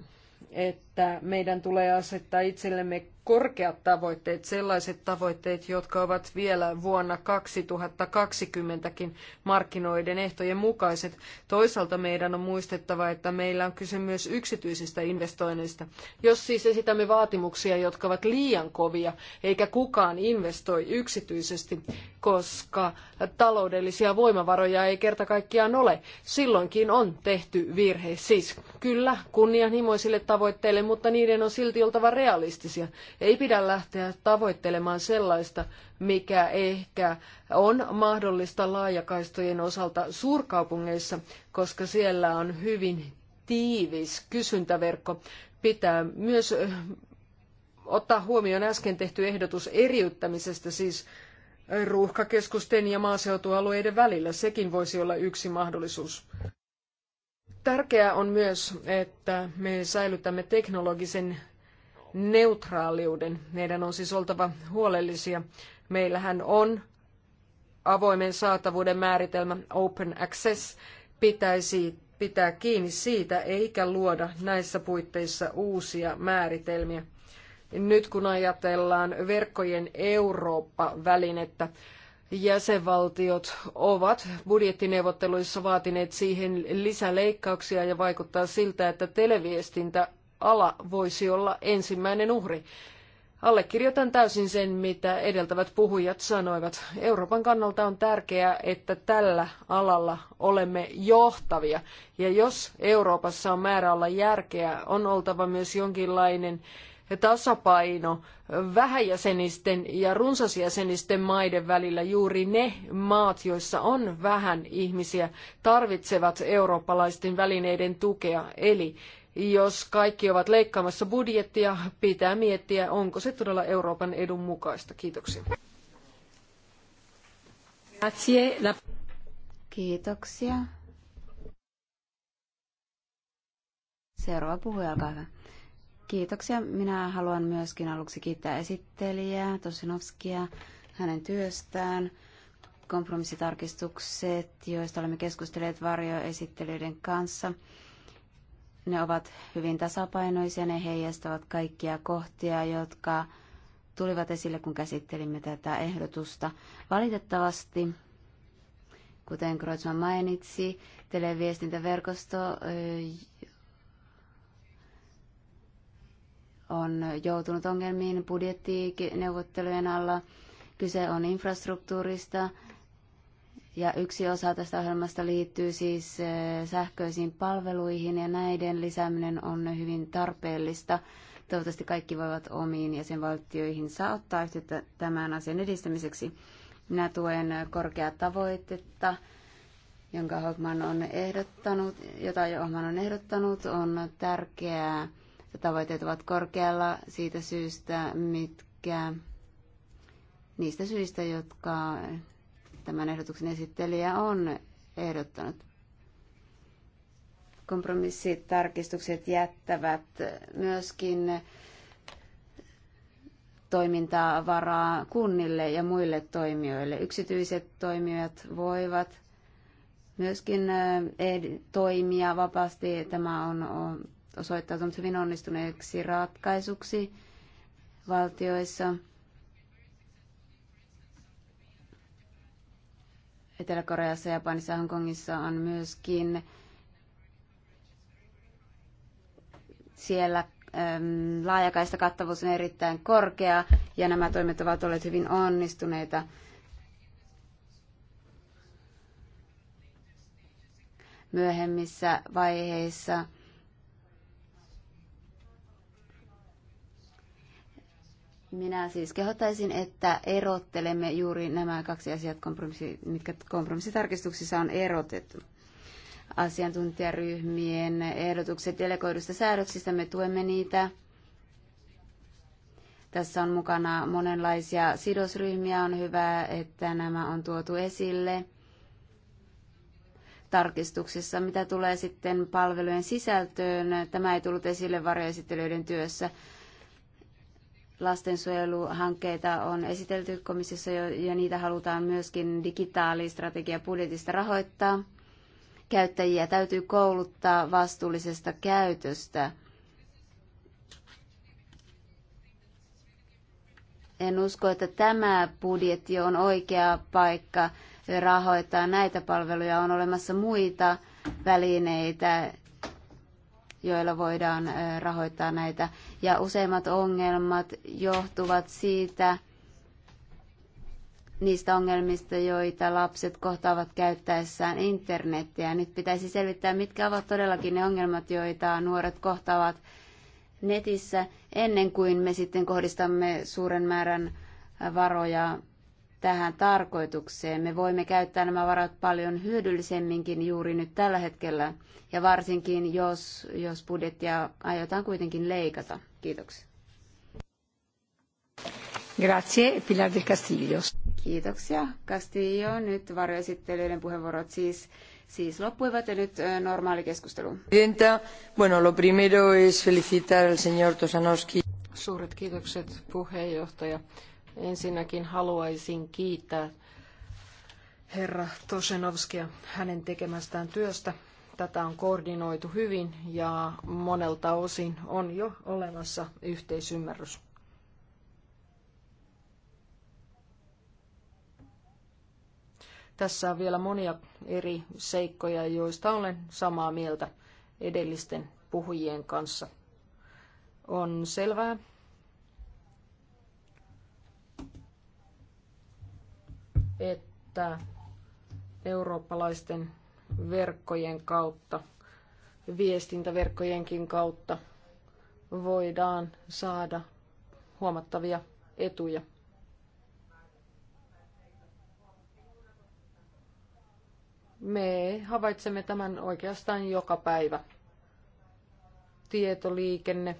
että että meidän tulee asettaa itsellemme korkeat tavoitteet, sellaiset tavoitteet, jotka ovat vielä vuonna 2020kin markkinoiden ehtojen mukaiset. Toisaalta meidän on muistettava, että meillä on kyse myös yksityisistä investoinneista. Jos siis esitämme vaatimuksia, jotka ovat liian kovia, eikä kukaan investoi yksityisesti, koska taloudellisia voimavaroja ei kerta kaikkiaan ole, silloinkin on tehty virhe. Siis kyllä kunnianhimoisille tavoitteille, mutta niiden on silti oltava realistisia. Ei pidä lähteä tavoittelemaan sellaista, mikä ehkä on mahdollista laajakaistojen osalta suurkaupungeissa, koska siellä on hyvin tiivis kysyntäverkko. Pitää myös ottaa huomioon äsken tehty ehdotus eriyttämisestä, siis ruuhkakeskusten ja maaseutualueiden välillä. Sekin voisi olla yksi mahdollisuus. Tärkeää on myös, että me säilytämme teknologisen neutraaliuden. Meidän on siis oltava huolellisia. Meillähän on avoimen saatavuuden määritelmä Open Access pitäisi pitää kiinni siitä eikä luoda näissä puitteissa uusia määritelmiä. Nyt kun ajatellaan verkkojen Eurooppa-välinettä, jäsenvaltiot ovat budjettineuvotteluissa vaatineet siihen lisäleikkauksia ja vaikuttaa siltä, että televiestintäala voisi olla ensimmäinen uhri. Allekirjoitan täysin sen, mitä edeltävät puhujat sanoivat. Euroopan kannalta on tärkeää, että tällä alalla olemme johtavia. Ja jos Euroopassa on määrä olla järkeä, on oltava myös jonkinlainen tasapaino vähäjäsenisten ja runsasjäsenisten maiden välillä juuri ne maat, joissa on vähän ihmisiä, tarvitsevat eurooppalaisten välineiden tukea. Eli jos kaikki ovat leikkaamassa budjettia, pitää miettiä, onko se todella Euroopan edun mukaista. Kiitoksia. Kiitoksia. Seuraava puhuja, olkaa hyvä. Kiitoksia. Minä haluan myöskin aluksi kiittää esittelijää Tosinovskia hänen työstään. Kompromissitarkistukset, joista olemme keskustelleet varjoesittelyiden kanssa, ne ovat hyvin tasapainoisia. Ne heijastavat kaikkia kohtia, jotka tulivat esille, kun käsittelimme tätä ehdotusta. Valitettavasti, kuten Kreutzmann mainitsi, televiestintäverkosto on joutunut ongelmiin budjettineuvottelujen alla. Kyse on infrastruktuurista ja yksi osa tästä ohjelmasta liittyy siis eh, sähköisiin palveluihin ja näiden lisääminen on hyvin tarpeellista. Toivottavasti kaikki voivat omiin valtioihin ottaa yhteyttä tämän asian edistämiseksi. Minä tuen korkeaa tavoitetta, jonka Hogman on ehdottanut, jota Hogman on ehdottanut, on tärkeää tavoitteet ovat korkealla siitä syystä, mitkä niistä syistä, jotka tämän ehdotuksen esittelijä on ehdottanut. Kompromissitarkistukset jättävät myöskin toimintaa varaa kunnille ja muille toimijoille. Yksityiset toimijat voivat myöskin eh, toimia vapaasti. Tämä on osoittautunut hyvin onnistuneeksi ratkaisuksi valtioissa. Etelä-Koreassa, Japanissa ja Hongkongissa on myöskin siellä ähm, laajakaista kattavuus on erittäin korkea ja nämä toimet ovat olleet hyvin onnistuneita. Myöhemmissä vaiheissa Minä siis kehottaisin, että erottelemme juuri nämä kaksi asiat, kompromissi, mitkä kompromissitarkistuksissa on erotettu. Asiantuntijaryhmien ehdotukset delegoidusta säädöksistä, me tuemme niitä. Tässä on mukana monenlaisia sidosryhmiä. On hyvä, että nämä on tuotu esille tarkistuksissa. Mitä tulee sitten palvelujen sisältöön, tämä ei tullut esille varjoesittelyiden työssä lastensuojeluhankkeita on esitelty komissiossa ja niitä halutaan myöskin digitaalistrategia budjetista rahoittaa. Käyttäjiä täytyy kouluttaa vastuullisesta käytöstä. En usko, että tämä budjetti on oikea paikka rahoittaa näitä palveluja. On olemassa muita välineitä, joilla voidaan rahoittaa näitä. Ja useimmat ongelmat johtuvat siitä, niistä ongelmista, joita lapset kohtaavat käyttäessään internettiä. Nyt pitäisi selvittää, mitkä ovat todellakin ne ongelmat, joita nuoret kohtaavat netissä, ennen kuin me sitten kohdistamme suuren määrän varoja tähän tarkoitukseen. Me voimme käyttää nämä varat paljon hyödyllisemminkin juuri nyt tällä hetkellä, ja varsinkin jos, jos budjettia aiotaan kuitenkin leikata. Kiitoksia. Grazie, Pilar del Castillo. Kiitoksia, Castillo. Nyt varjoesittelyiden puheenvuorot siis, siis loppuivat ja nyt normaali keskustelu. Presidenta, bueno, lo primero es felicitar al señor Tosanowski. Suuret kiitokset puheenjohtaja. Ensinnäkin haluaisin kiittää herra Tosenovskia hänen tekemästään työstä. Tätä on koordinoitu hyvin ja monelta osin on jo olemassa yhteisymmärrys. Tässä on vielä monia eri seikkoja, joista olen samaa mieltä edellisten puhujien kanssa. On selvää, että eurooppalaisten verkkojen kautta, viestintäverkkojenkin kautta voidaan saada huomattavia etuja. Me havaitsemme tämän oikeastaan joka päivä. Tietoliikenne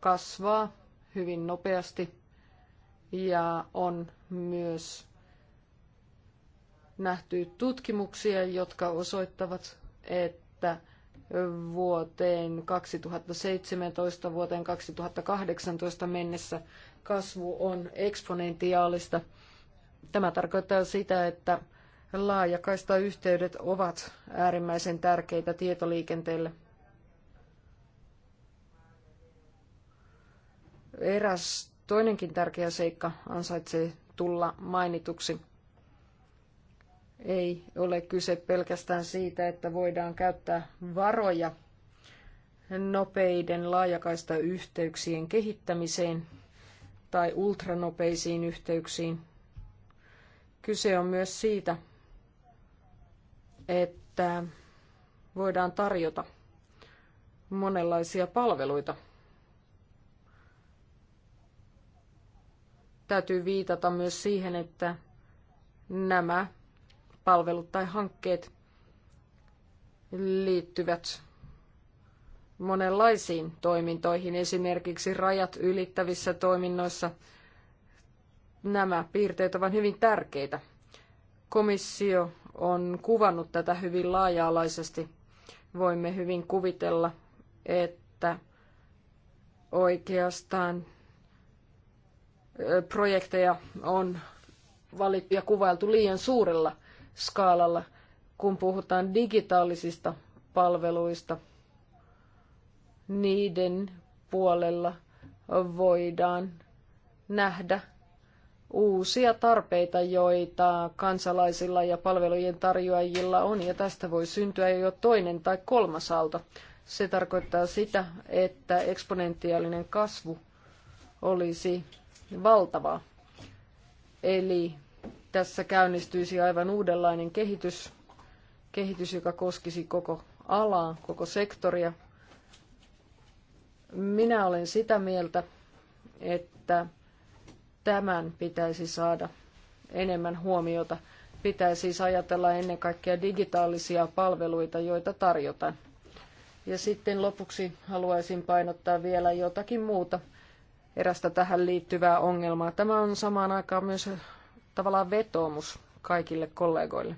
kasvaa hyvin nopeasti ja on myös nähty tutkimuksia, jotka osoittavat, että vuoteen 2017 vuoteen 2018 mennessä kasvu on eksponentiaalista. Tämä tarkoittaa sitä, että laajakaistayhteydet ovat äärimmäisen tärkeitä tietoliikenteelle. Eräs toinenkin tärkeä seikka ansaitsee tulla mainituksi. Ei ole kyse pelkästään siitä, että voidaan käyttää varoja nopeiden laajakaistayhteyksien kehittämiseen tai ultranopeisiin yhteyksiin. Kyse on myös siitä, että voidaan tarjota monenlaisia palveluita. Täytyy viitata myös siihen, että nämä palvelut tai hankkeet liittyvät monenlaisiin toimintoihin, esimerkiksi rajat ylittävissä toiminnoissa. Nämä piirteet ovat hyvin tärkeitä. Komissio on kuvannut tätä hyvin laaja-alaisesti. Voimme hyvin kuvitella, että oikeastaan projekteja on valittu ja kuvailtu liian suurella skaalalla, kun puhutaan digitaalisista palveluista. Niiden puolella voidaan nähdä uusia tarpeita, joita kansalaisilla ja palvelujen tarjoajilla on, ja tästä voi syntyä jo toinen tai kolmas aalto. Se tarkoittaa sitä, että eksponentiaalinen kasvu olisi valtavaa. Eli tässä käynnistyisi aivan uudenlainen kehitys, kehitys, joka koskisi koko alaa, koko sektoria. Minä olen sitä mieltä, että tämän pitäisi saada enemmän huomiota. Pitää siis ajatella ennen kaikkea digitaalisia palveluita, joita tarjotaan. Ja sitten lopuksi haluaisin painottaa vielä jotakin muuta erästä tähän liittyvää ongelmaa. Tämä on samaan aikaan myös tavallaan vetoomus kaikille kollegoille.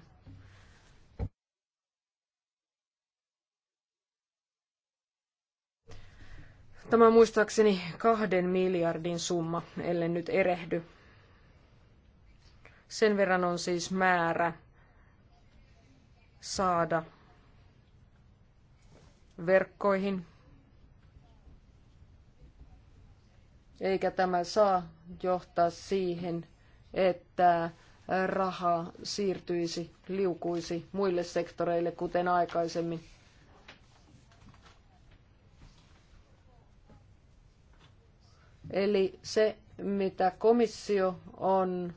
Tämä on muistaakseni kahden miljardin summa, ellei nyt erehdy. Sen verran on siis määrä saada verkkoihin. Eikä tämä saa johtaa siihen, että raha siirtyisi, liukuisi muille sektoreille, kuten aikaisemmin. Eli se, mitä komissio on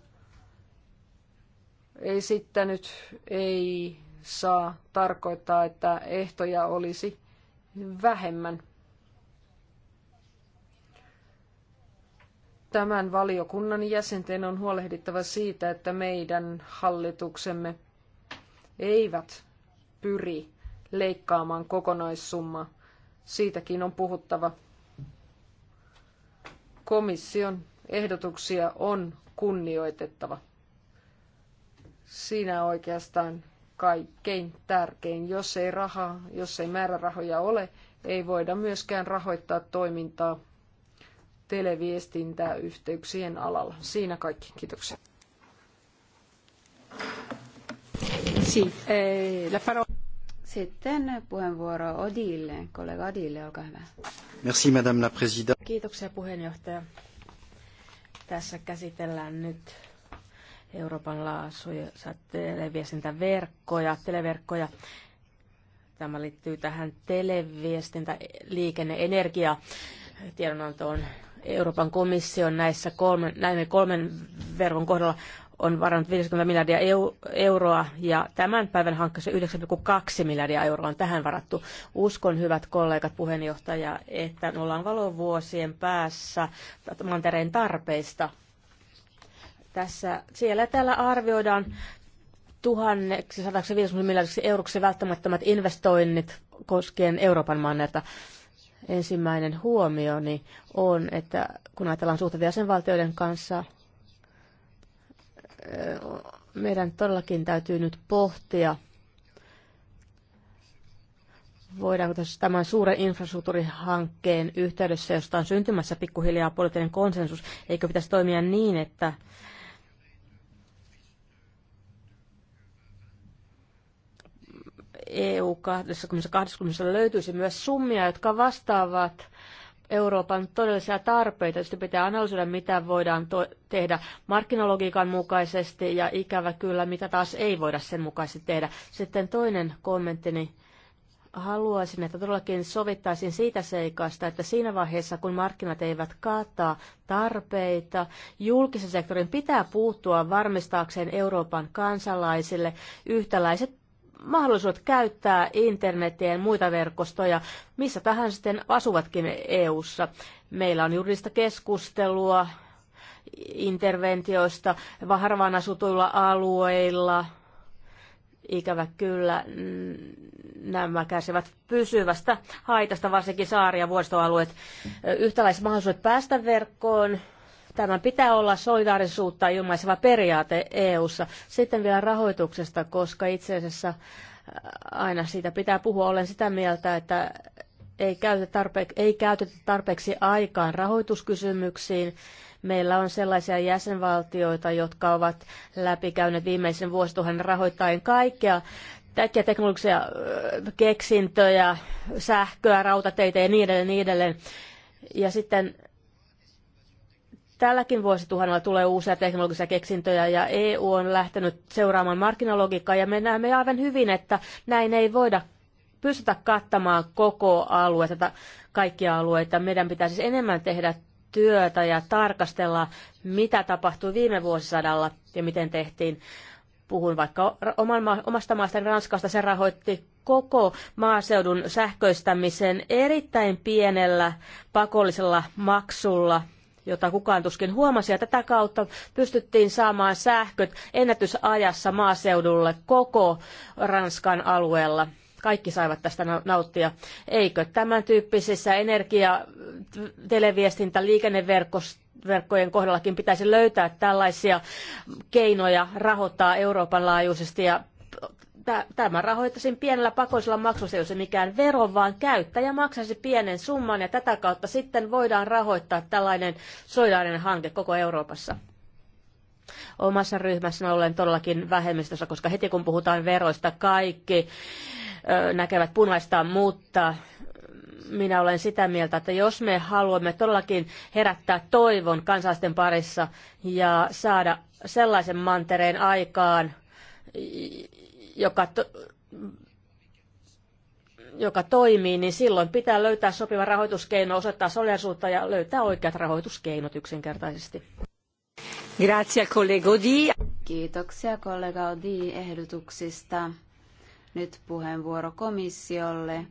esittänyt, ei saa tarkoittaa, että ehtoja olisi vähemmän. Tämän valiokunnan jäsenten on huolehdittava siitä, että meidän hallituksemme eivät pyri leikkaamaan kokonaissummaa. Siitäkin on puhuttava. Komission ehdotuksia on kunnioitettava. Siinä oikeastaan kaikkein tärkein. Jos ei rahaa, jos ei määrärahoja ole, ei voida myöskään rahoittaa toimintaa televiestintäyhteyksien alalla. Siinä kaikki. Kiitoksia. Eh, Sitten puheenvuoro Odille. Kollega Odille, olkaa hyvä. Merci, Madame la Présidente. Kiitoksia puheenjohtaja. Tässä käsitellään nyt Euroopan laajuisia televiestintäverkkoja, televerkkoja. Tämä liittyy tähän televiestintä, liikenne, energia tiedonantoon Euroopan komission näissä kolmen, näiden kolmen verkon kohdalla on varannut 50 miljardia eu, euroa ja tämän päivän hankkeeseen 9,2 miljardia euroa on tähän varattu. Uskon, hyvät kollegat, puheenjohtaja, että me ollaan valovuosien päässä mantereen tarpeista. Tässä, siellä täällä arvioidaan 1150 miljardiksi euroksi välttämättömät investoinnit koskien Euroopan mannerta. Ensimmäinen huomioni on, että kun ajatellaan suhteita jäsenvaltioiden kanssa, meidän todellakin täytyy nyt pohtia, voidaanko tässä tämän suuren infrastruktuurihankkeen yhteydessä, josta on syntymässä pikkuhiljaa poliittinen konsensus, eikö pitäisi toimia niin, että EU-2020 löytyisi myös summia, jotka vastaavat Euroopan todellisia tarpeita. Sitten pitää analysoida, mitä voidaan tehdä markkinologiikan mukaisesti ja ikävä kyllä, mitä taas ei voida sen mukaisesti tehdä. Sitten toinen kommenttini haluaisin, että todellakin sovittaisiin siitä seikasta, että siinä vaiheessa, kun markkinat eivät kaataa tarpeita, julkisen sektorin pitää puuttua varmistaakseen Euroopan kansalaisille yhtäläiset mahdollisuudet käyttää internetiä ja muita verkostoja, missä tähän sitten asuvatkin EU-ssa. Meillä on juridista keskustelua interventioista harvaan asutuilla alueilla. Ikävä kyllä nämä kärsivät pysyvästä haitasta, varsinkin saari- ja vuoristoalueet. Yhtäläiset mahdollisuudet päästä verkkoon, Tämä pitää olla solidaarisuutta ilmaiseva periaate EU:ssa. Sitten vielä rahoituksesta, koska itse asiassa äh, aina siitä pitää puhua. Olen sitä mieltä, että ei käytetä, tarpeeksi, ei käytetä tarpeeksi aikaan rahoituskysymyksiin. Meillä on sellaisia jäsenvaltioita, jotka ovat läpikäyneet viimeisen vuosituhannen rahoittain kaikkea kaikkia teknologisia äh, keksintöjä, sähköä, rautateitä ja niin edelleen, niin edelleen. Ja sitten Tälläkin vuosituhannella tulee uusia teknologisia keksintöjä ja EU on lähtenyt seuraamaan markkinalogiikkaa ja me näemme aivan hyvin, että näin ei voida pystytä kattamaan koko aluetta, kaikkia alueita. Meidän pitää siis enemmän tehdä työtä ja tarkastella, mitä tapahtui viime vuosisadalla ja miten tehtiin. Puhun vaikka oman, omasta maastani Ranskasta, se rahoitti koko maaseudun sähköistämisen erittäin pienellä pakollisella maksulla – jota kukaan tuskin huomasi. Ja tätä kautta pystyttiin saamaan sähköt ennätysajassa maaseudulle koko Ranskan alueella kaikki saivat tästä nauttia. Eikö tämän tyyppisissä energia-, televiestintä-, liikenneverkkojen kohdallakin pitäisi löytää tällaisia keinoja rahoittaa Euroopan laajuisesti ja tämä rahoittaisin pienellä pakollisella maksulla, se ei ole mikään vero, vaan käyttäjä maksaisi pienen summan ja tätä kautta sitten voidaan rahoittaa tällainen solidaarinen hanke koko Euroopassa. Omassa ryhmässäni olen todellakin vähemmistössä, koska heti kun puhutaan veroista, kaikki näkevät punaista, mutta minä olen sitä mieltä, että jos me haluamme todellakin herättää toivon kansalaisten parissa ja saada sellaisen mantereen aikaan, joka, to, joka toimii, niin silloin pitää löytää sopiva rahoituskeino, osoittaa solidaisuutta ja löytää oikeat rahoituskeinot yksinkertaisesti. Grazie kollega Odi. Kiitoksia kollega Odi ehdotuksista. Nyt puheenvuoro komissiolle.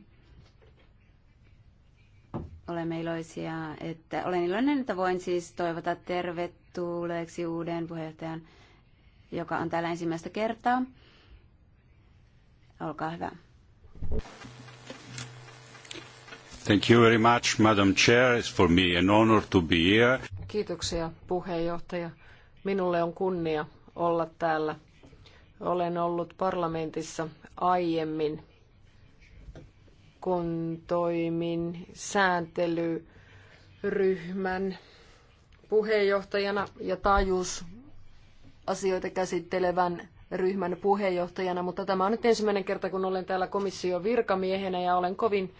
Olemme iloisia, että olen iloinen, että voin siis toivota tervetulleeksi uuden puheenjohtajan, joka on täällä ensimmäistä kertaa. Olkaa hyvä. Thank you very much, Madam Chair. It's for me an honor to be here. Kiitoksia puheenjohtaja. Minulle on kunnia olla täällä. Olen ollut parlamentissa aiemmin, kun toimin sääntelyryhmän puheenjohtajana ja taajuusasioita käsittelevän ryhmän puheenjohtajana, mutta tämä on nyt ensimmäinen kerta, kun olen täällä komission virkamiehenä ja olen kovin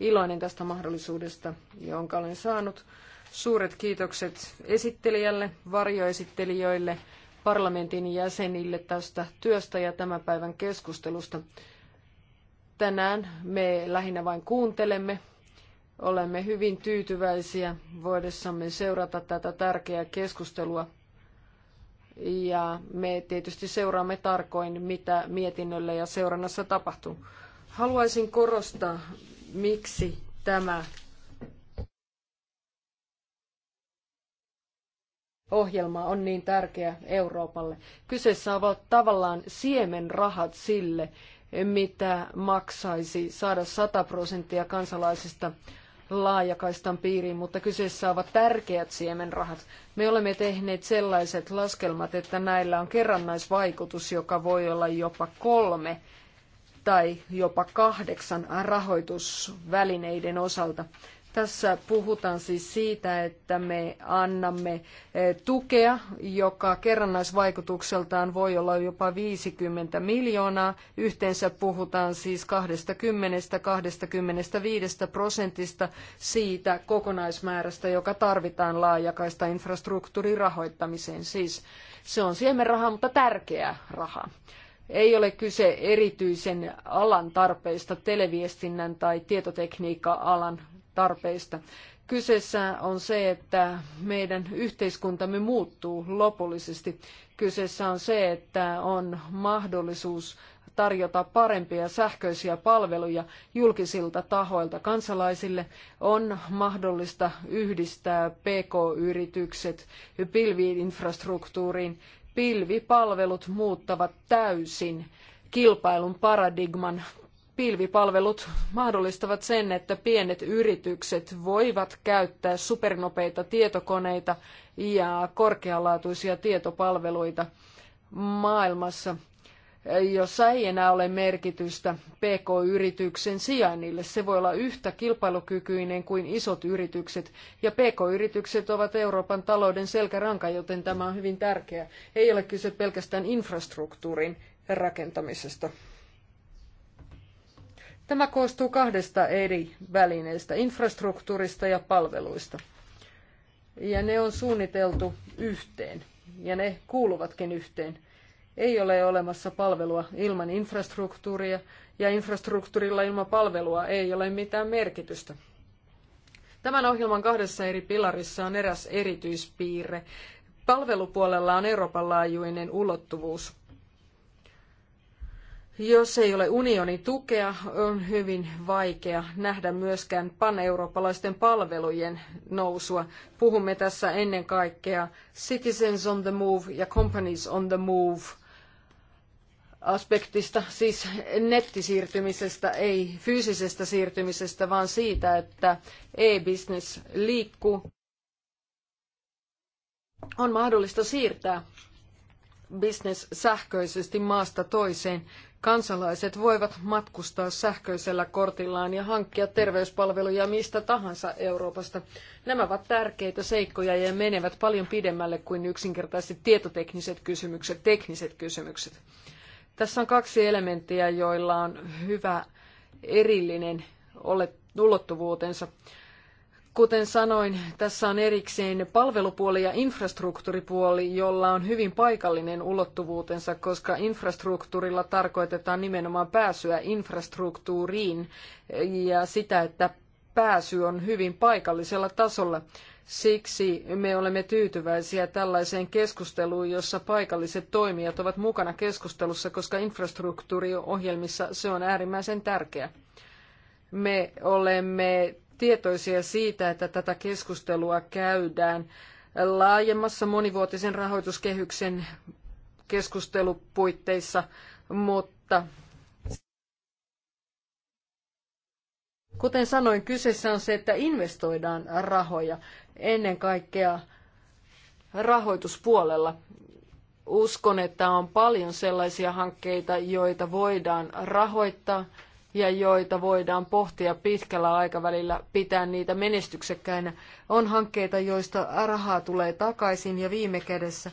iloinen tästä mahdollisuudesta, jonka olen saanut. Suuret kiitokset esittelijälle, varjoesittelijöille, parlamentin jäsenille tästä työstä ja tämän päivän keskustelusta. Tänään me lähinnä vain kuuntelemme. Olemme hyvin tyytyväisiä voidessamme seurata tätä tärkeää keskustelua ja me tietysti seuraamme tarkoin, mitä mietinnöllä ja seurannassa tapahtuu. Haluaisin korostaa, miksi tämä ohjelma on niin tärkeä Euroopalle. Kyseessä ovat tavallaan siemenrahat sille, mitä maksaisi saada 100 prosenttia kansalaisista laajakaistan piiriin, mutta kyseessä ovat tärkeät siemenrahat. Me olemme tehneet sellaiset laskelmat, että näillä on kerrannaisvaikutus, joka voi olla jopa kolme tai jopa kahdeksan rahoitusvälineiden osalta. Tässä puhutaan siis siitä, että me annamme eh, tukea, joka kerrannaisvaikutukseltaan voi olla jopa 50 miljoonaa. Yhteensä puhutaan siis 20-25 prosentista siitä kokonaismäärästä, joka tarvitaan laajakaista infrastruktuurin rahoittamiseen. Siis se on siemenraha, mutta tärkeä raha ei ole kyse erityisen alan tarpeista televiestinnän tai tietotekniikka-alan tarpeista. Kyseessä on se, että meidän yhteiskuntamme muuttuu lopullisesti. Kyseessä on se, että on mahdollisuus tarjota parempia sähköisiä palveluja julkisilta tahoilta kansalaisille, on mahdollista yhdistää PK-yritykset pilviinfrastruktuuriin. Pilvipalvelut muuttavat täysin kilpailun paradigman pilvipalvelut mahdollistavat sen, että pienet yritykset voivat käyttää supernopeita tietokoneita ja korkealaatuisia tietopalveluita maailmassa, jossa ei enää ole merkitystä PK-yrityksen sijainnille. Se voi olla yhtä kilpailukykyinen kuin isot yritykset, ja PK-yritykset ovat Euroopan talouden selkäranka, joten tämä on hyvin tärkeää. Ei ole kyse pelkästään infrastruktuurin rakentamisesta. Tämä koostuu kahdesta eri välineestä, infrastruktuurista ja palveluista. Ja ne on suunniteltu yhteen, ja ne kuuluvatkin yhteen. Ei ole olemassa palvelua ilman infrastruktuuria, ja infrastruktuurilla ilman palvelua ei ole mitään merkitystä. Tämän ohjelman kahdessa eri pilarissa on eräs erityispiirre. Palvelupuolella on Euroopan laajuinen ulottuvuus. Jos ei ole unionin tukea, on hyvin vaikea nähdä myöskään paneurooppalaisten palvelujen nousua. Puhumme tässä ennen kaikkea Citizens on the Move ja Companies on the Move aspektista, siis nettisiirtymisestä, ei fyysisestä siirtymisestä, vaan siitä, että e-business liikkuu. On mahdollista siirtää business sähköisesti maasta toiseen Kansalaiset voivat matkustaa sähköisellä kortillaan ja hankkia terveyspalveluja mistä tahansa Euroopasta. Nämä ovat tärkeitä seikkoja ja menevät paljon pidemmälle kuin yksinkertaisesti tietotekniset kysymykset, tekniset kysymykset. Tässä on kaksi elementtiä, joilla on hyvä erillinen ulottuvuutensa. Kuten sanoin, tässä on erikseen palvelupuoli ja infrastruktuuripuoli, jolla on hyvin paikallinen ulottuvuutensa, koska infrastruktuurilla tarkoitetaan nimenomaan pääsyä infrastruktuuriin ja sitä, että pääsy on hyvin paikallisella tasolla. Siksi me olemme tyytyväisiä tällaiseen keskusteluun, jossa paikalliset toimijat ovat mukana keskustelussa, koska infrastruktuuriohjelmissa se on äärimmäisen tärkeä. Me olemme tietoisia siitä, että tätä keskustelua käydään laajemmassa monivuotisen rahoituskehyksen keskustelupuitteissa, mutta kuten sanoin, kyseessä on se, että investoidaan rahoja ennen kaikkea rahoituspuolella. Uskon, että on paljon sellaisia hankkeita, joita voidaan rahoittaa – ja joita voidaan pohtia pitkällä aikavälillä, pitää niitä menestyksekkäinä. On hankkeita, joista rahaa tulee takaisin ja viime kädessä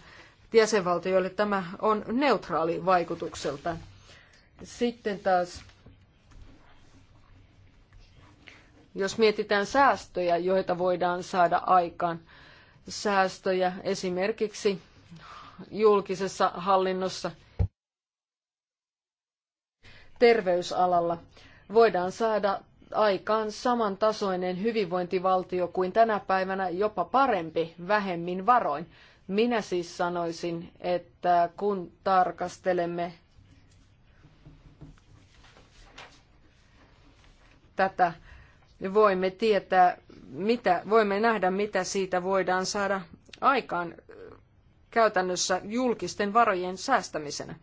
jäsenvaltioille tämä on neutraali vaikutukselta. Sitten taas jos mietitään säästöjä, joita voidaan saada aikaan, säästöjä esimerkiksi julkisessa hallinnossa – terveysalalla voidaan saada aikaan samantasoinen hyvinvointivaltio kuin tänä päivänä, jopa parempi, vähemmin varoin. Minä siis sanoisin, että kun tarkastelemme tätä, voimme tietää, mitä, voimme nähdä, mitä siitä voidaan saada aikaan käytännössä julkisten varojen säästämisenä.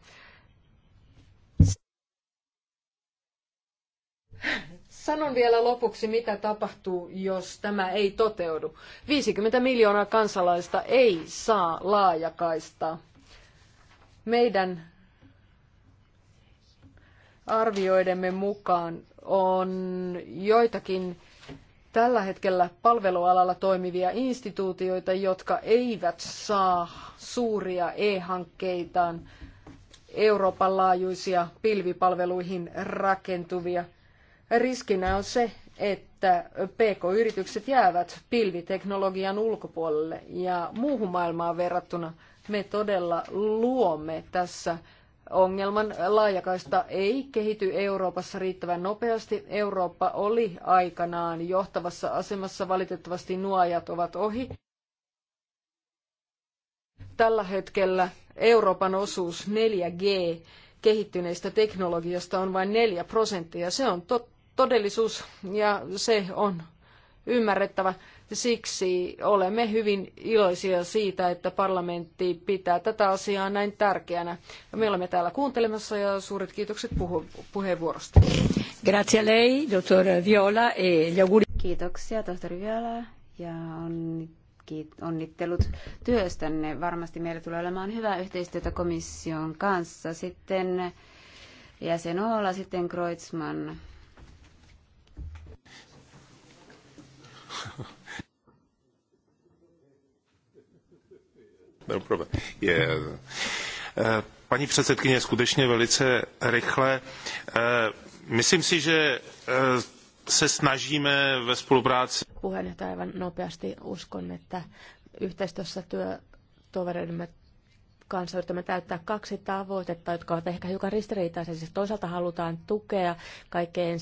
Sanon vielä lopuksi, mitä tapahtuu, jos tämä ei toteudu. 50 miljoonaa kansalaista ei saa laajakaistaa. Meidän arvioidemme mukaan on joitakin tällä hetkellä palvelualalla toimivia instituutioita, jotka eivät saa suuria e-hankkeitaan Euroopan laajuisia pilvipalveluihin rakentuvia Riskinä on se, että PK-yritykset jäävät pilviteknologian ulkopuolelle ja muuhun maailmaan verrattuna me todella luomme tässä ongelman. Laajakaista ei kehity Euroopassa riittävän nopeasti. Eurooppa oli aikanaan johtavassa asemassa. Valitettavasti nuo ajat ovat ohi. Tällä hetkellä Euroopan osuus 4G kehittyneistä teknologiasta on vain 4 prosenttia. Se on totta todellisuus ja se on ymmärrettävä. Siksi olemme hyvin iloisia siitä, että parlamentti pitää tätä asiaa näin tärkeänä. Me olemme täällä kuuntelemassa ja suuret kiitokset puhu- puheenvuorosta. Grazie lei, dottor Viola, e auguri. Kiitoksia, tohtori Viola, ja on, onnittelut työstänne. Varmasti meillä tulee olemaan hyvää yhteistyötä komission kanssa. Sitten jäsen Oola, sitten Kreutzmann. Je. Eh, paní předsedkyně, skutečně velice rychle. Eh, myslím si, že eh, se snažíme ve spolupráci... Puheenjohtaja aivan nopeasti uskon, että yhteistyössä työtovereidemme kanssa yritämme täyttää kaksi tavoitetta, jotka ovat ehkä hiukan ristiriitaisia. Siis toisaalta halutaan tukea kaikkein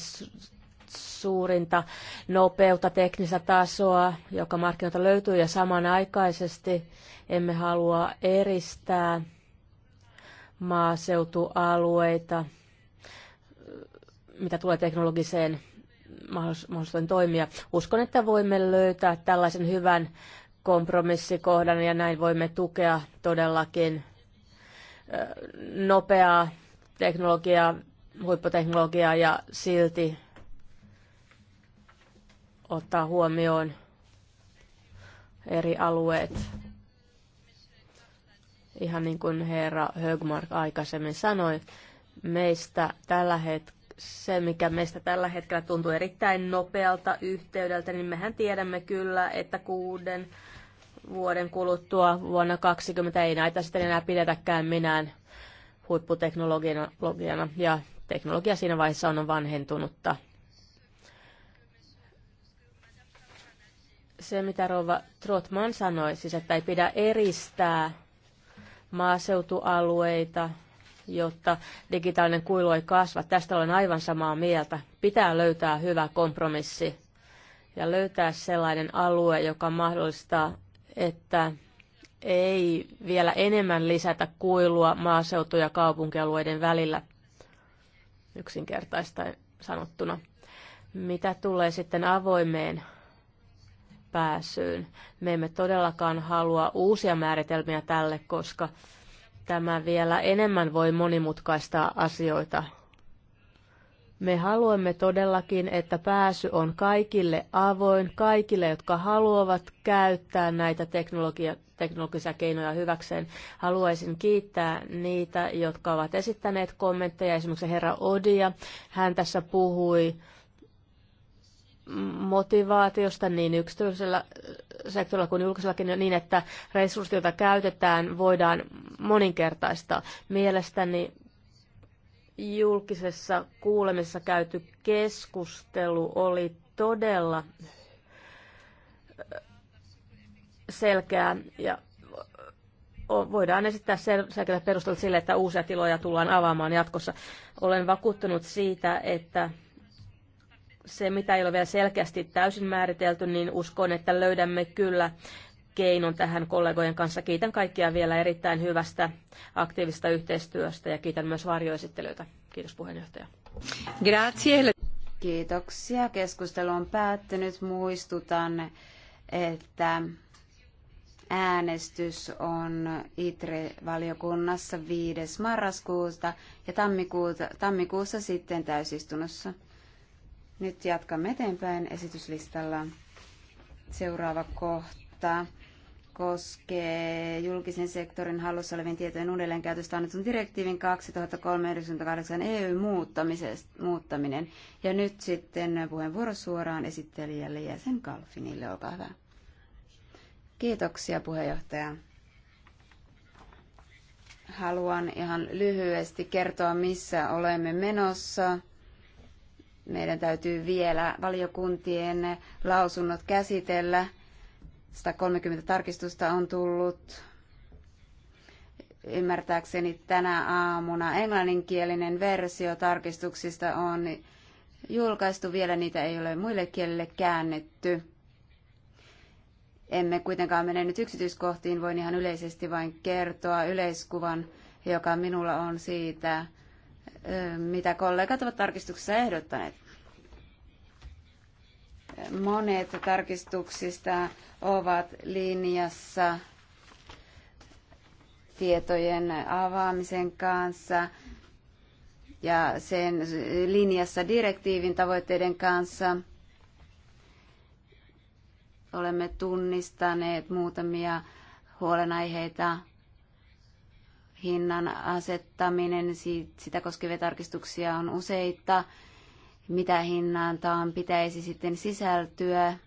suurinta nopeutta, teknistä tasoa, joka markkinoilta löytyy, ja samanaikaisesti emme halua eristää maaseutualueita, mitä tulee teknologiseen mahdollisuuteen toimia. Uskon, että voimme löytää tällaisen hyvän kompromissikohdan ja näin voimme tukea todellakin nopeaa teknologiaa, huipputeknologiaa ja silti ottaa huomioon eri alueet. Ihan niin kuin herra Högmark aikaisemmin sanoi, meistä tällä hetkellä se, mikä meistä tällä hetkellä tuntuu erittäin nopealta yhteydeltä, niin mehän tiedämme kyllä, että kuuden vuoden kuluttua vuonna 2020 ei näitä sitten enää pidetäkään minään huipputeknologiana. Ja teknologia siinä vaiheessa on vanhentunutta se, mitä Rova Trotman sanoi, siis että ei pidä eristää maaseutualueita, jotta digitaalinen kuilu ei kasva. Tästä olen aivan samaa mieltä. Pitää löytää hyvä kompromissi ja löytää sellainen alue, joka mahdollistaa, että ei vielä enemmän lisätä kuilua maaseutu- ja kaupunkialueiden välillä yksinkertaista sanottuna. Mitä tulee sitten avoimeen pääsyyn. Me emme todellakaan halua uusia määritelmiä tälle, koska tämä vielä enemmän voi monimutkaistaa asioita. Me haluamme todellakin, että pääsy on kaikille avoin, kaikille, jotka haluavat käyttää näitä teknologia, teknologisia keinoja hyväkseen. Haluaisin kiittää niitä, jotka ovat esittäneet kommentteja, esimerkiksi herra Odia. Hän tässä puhui motivaatiosta niin yksityisellä sektorilla kuin julkisellakin niin, että resurssit, joita käytetään, voidaan moninkertaistaa. Mielestäni julkisessa kuulemisessa käyty keskustelu oli todella selkeää ja voidaan esittää selkeät perustelut sille, että uusia tiloja tullaan avaamaan jatkossa. Olen vakuuttunut siitä, että se, mitä ei ole vielä selkeästi täysin määritelty, niin uskon, että löydämme kyllä keinon tähän kollegojen kanssa. Kiitän kaikkia vielä erittäin hyvästä aktiivista yhteistyöstä ja kiitän myös varjoesittelyitä. Kiitos puheenjohtaja. Grazie. Kiitoksia. Keskustelu on päättynyt. Muistutan, että äänestys on ITRE-valiokunnassa 5. marraskuuta ja tammikuuta, tammikuussa sitten täysistunnossa. Nyt jatkamme eteenpäin esityslistalla. Seuraava kohta koskee julkisen sektorin hallussa olevien tietojen uudelleenkäytöstä annetun direktiivin 2003 EU muuttaminen. Ja nyt sitten puheenvuoro suoraan esittelijälle jäsen Kalfinille, olkaa hyvä. Kiitoksia puheenjohtaja. Haluan ihan lyhyesti kertoa, missä olemme menossa – meidän täytyy vielä valiokuntien lausunnot käsitellä. 130 tarkistusta on tullut. Ymmärtääkseni tänä aamuna englanninkielinen versio tarkistuksista on julkaistu. Vielä niitä ei ole muille kielille käännetty. Emme kuitenkaan mene nyt yksityiskohtiin, voin ihan yleisesti vain kertoa yleiskuvan, joka minulla on siitä, mitä kollegat ovat tarkistuksessa ehdottaneet. Monet tarkistuksista ovat linjassa tietojen avaamisen kanssa ja sen linjassa direktiivin tavoitteiden kanssa. Olemme tunnistaneet muutamia huolenaiheita hinnan asettaminen, sitä koskevia tarkistuksia on useita, mitä hinnan taan pitäisi sitten sisältyä.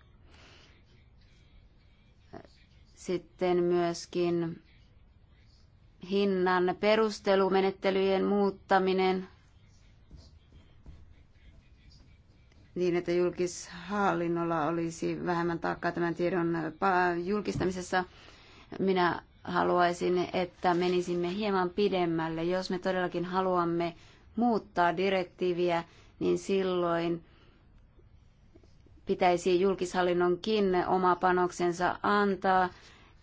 Sitten myöskin hinnan perustelumenettelyjen muuttaminen niin, että julkishallinnolla olisi vähemmän taakkaa tämän tiedon julkistamisessa. Minä haluaisin, että menisimme hieman pidemmälle. Jos me todellakin haluamme muuttaa direktiiviä, niin silloin pitäisi julkishallinnonkin oma panoksensa antaa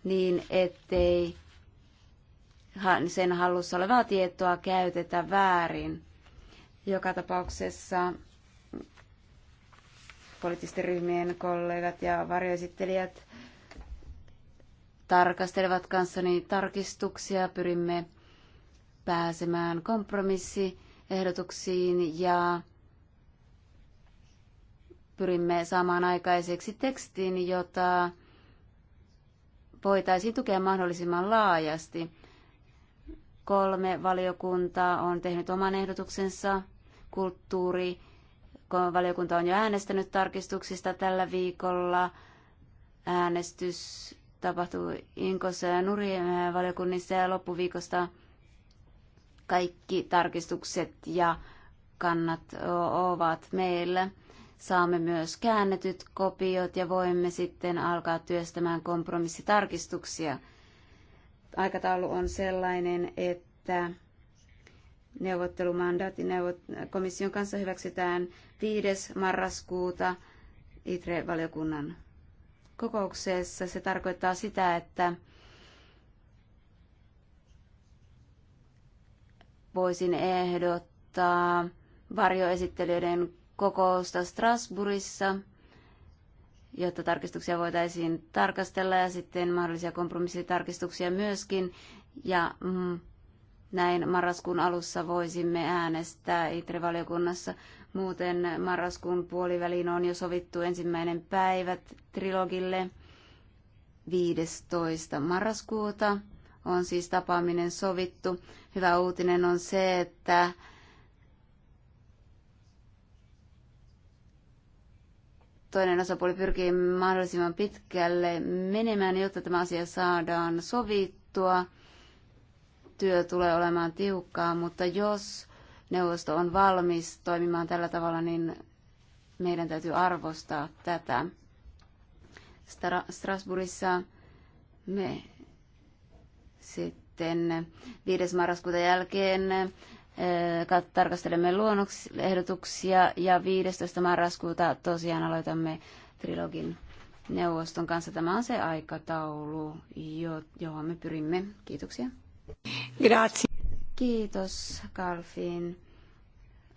niin, ettei sen hallussa olevaa tietoa käytetä väärin. Joka tapauksessa poliittisten ryhmien kollegat ja varjoesittelijät tarkastelevat kanssani tarkistuksia. Pyrimme pääsemään kompromissiehdotuksiin ja pyrimme saamaan aikaiseksi tekstin, jota voitaisiin tukea mahdollisimman laajasti. Kolme valiokuntaa on tehnyt oman ehdotuksensa. Kulttuuri, valiokunta on jo äänestänyt tarkistuksista tällä viikolla. Äänestys tapahtuu Inkossa ja Nurien valiokunnissa ja loppuviikosta kaikki tarkistukset ja kannat ovat meillä. Saamme myös käännetyt kopiot ja voimme sitten alkaa työstämään kompromissitarkistuksia. Aikataulu on sellainen, että neuvottelumandaatti komission kanssa hyväksytään 5. marraskuuta ITRE-valiokunnan kokouksessa se tarkoittaa sitä, että voisin ehdottaa varjoesittelijöiden kokousta Strasbourgissa, jotta tarkistuksia voitaisiin tarkastella ja sitten mahdollisia kompromissitarkistuksia myöskin. Ja mm, näin marraskuun alussa voisimme äänestää ITRE-valiokunnassa. Muuten marraskuun puoliväliin on jo sovittu ensimmäinen päivä trilogille 15. marraskuuta. On siis tapaaminen sovittu. Hyvä uutinen on se, että toinen osapuoli pyrkii mahdollisimman pitkälle menemään, jotta tämä asia saadaan sovittua. Työ tulee olemaan tiukkaa, mutta jos neuvosto on valmis toimimaan tällä tavalla, niin meidän täytyy arvostaa tätä. Strasbourgissa me sitten 5. marraskuuta jälkeen eh, tarkastelemme luonnoksehdotuksia ja 15. marraskuuta tosiaan aloitamme trilogin neuvoston kanssa. Tämä on se aikataulu, johon me pyrimme. Kiitoksia. Grazie. Kiitos, Kalfin.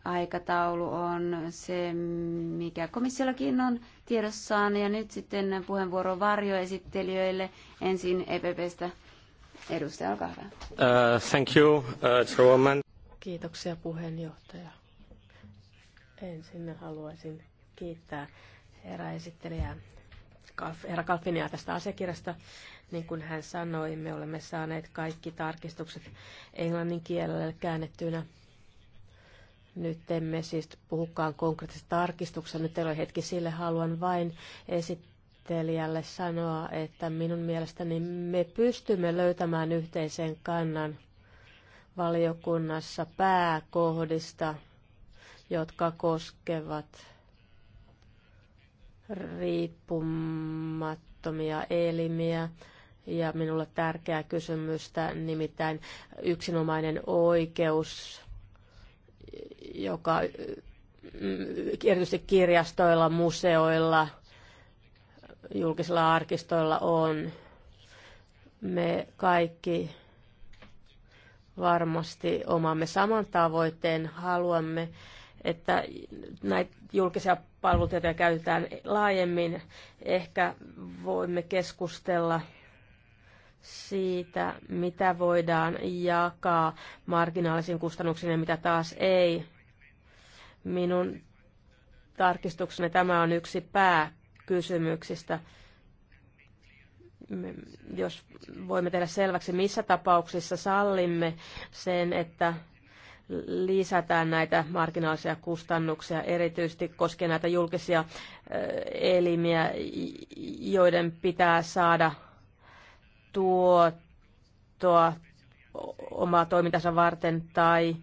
Aikataulu on se, mikä komissiollakin on tiedossaan. Ja nyt sitten puheenvuoro varjoesittelijöille. Ensin EPPstä edustaja, olkaa hyvä. Uh, thank you, uh, Kiitoksia puheenjohtaja. Ensin haluaisin kiittää herra esittelijää herra Kalfinia tästä asiakirjasta. Niin kuin hän sanoi, me olemme saaneet kaikki tarkistukset englannin kielelle käännettynä. Nyt emme siis puhukaan konkreettisesta tarkistuksesta, nyt teillä on hetki sille. Haluan vain esittelijälle sanoa, että minun mielestäni me pystymme löytämään yhteisen kannan valiokunnassa pääkohdista, jotka koskevat riippumattomia elimiä ja minulle tärkeää kysymystä, nimittäin yksinomainen oikeus, joka erityisesti kirjastoilla, museoilla, julkisilla arkistoilla on. Me kaikki varmasti omamme saman tavoitteen, haluamme, että näitä julkisia palvelutietoja käytetään laajemmin. Ehkä voimme keskustella siitä, mitä voidaan jakaa marginaalisiin kustannuksiin ja mitä taas ei. Minun tarkistukseni tämä on yksi pääkysymyksistä. Jos voimme tehdä selväksi, missä tapauksissa sallimme sen, että lisätään näitä marginaalisia kustannuksia, erityisesti koskien näitä julkisia elimiä, joiden pitää saada tuottoa omaa toimintansa varten tai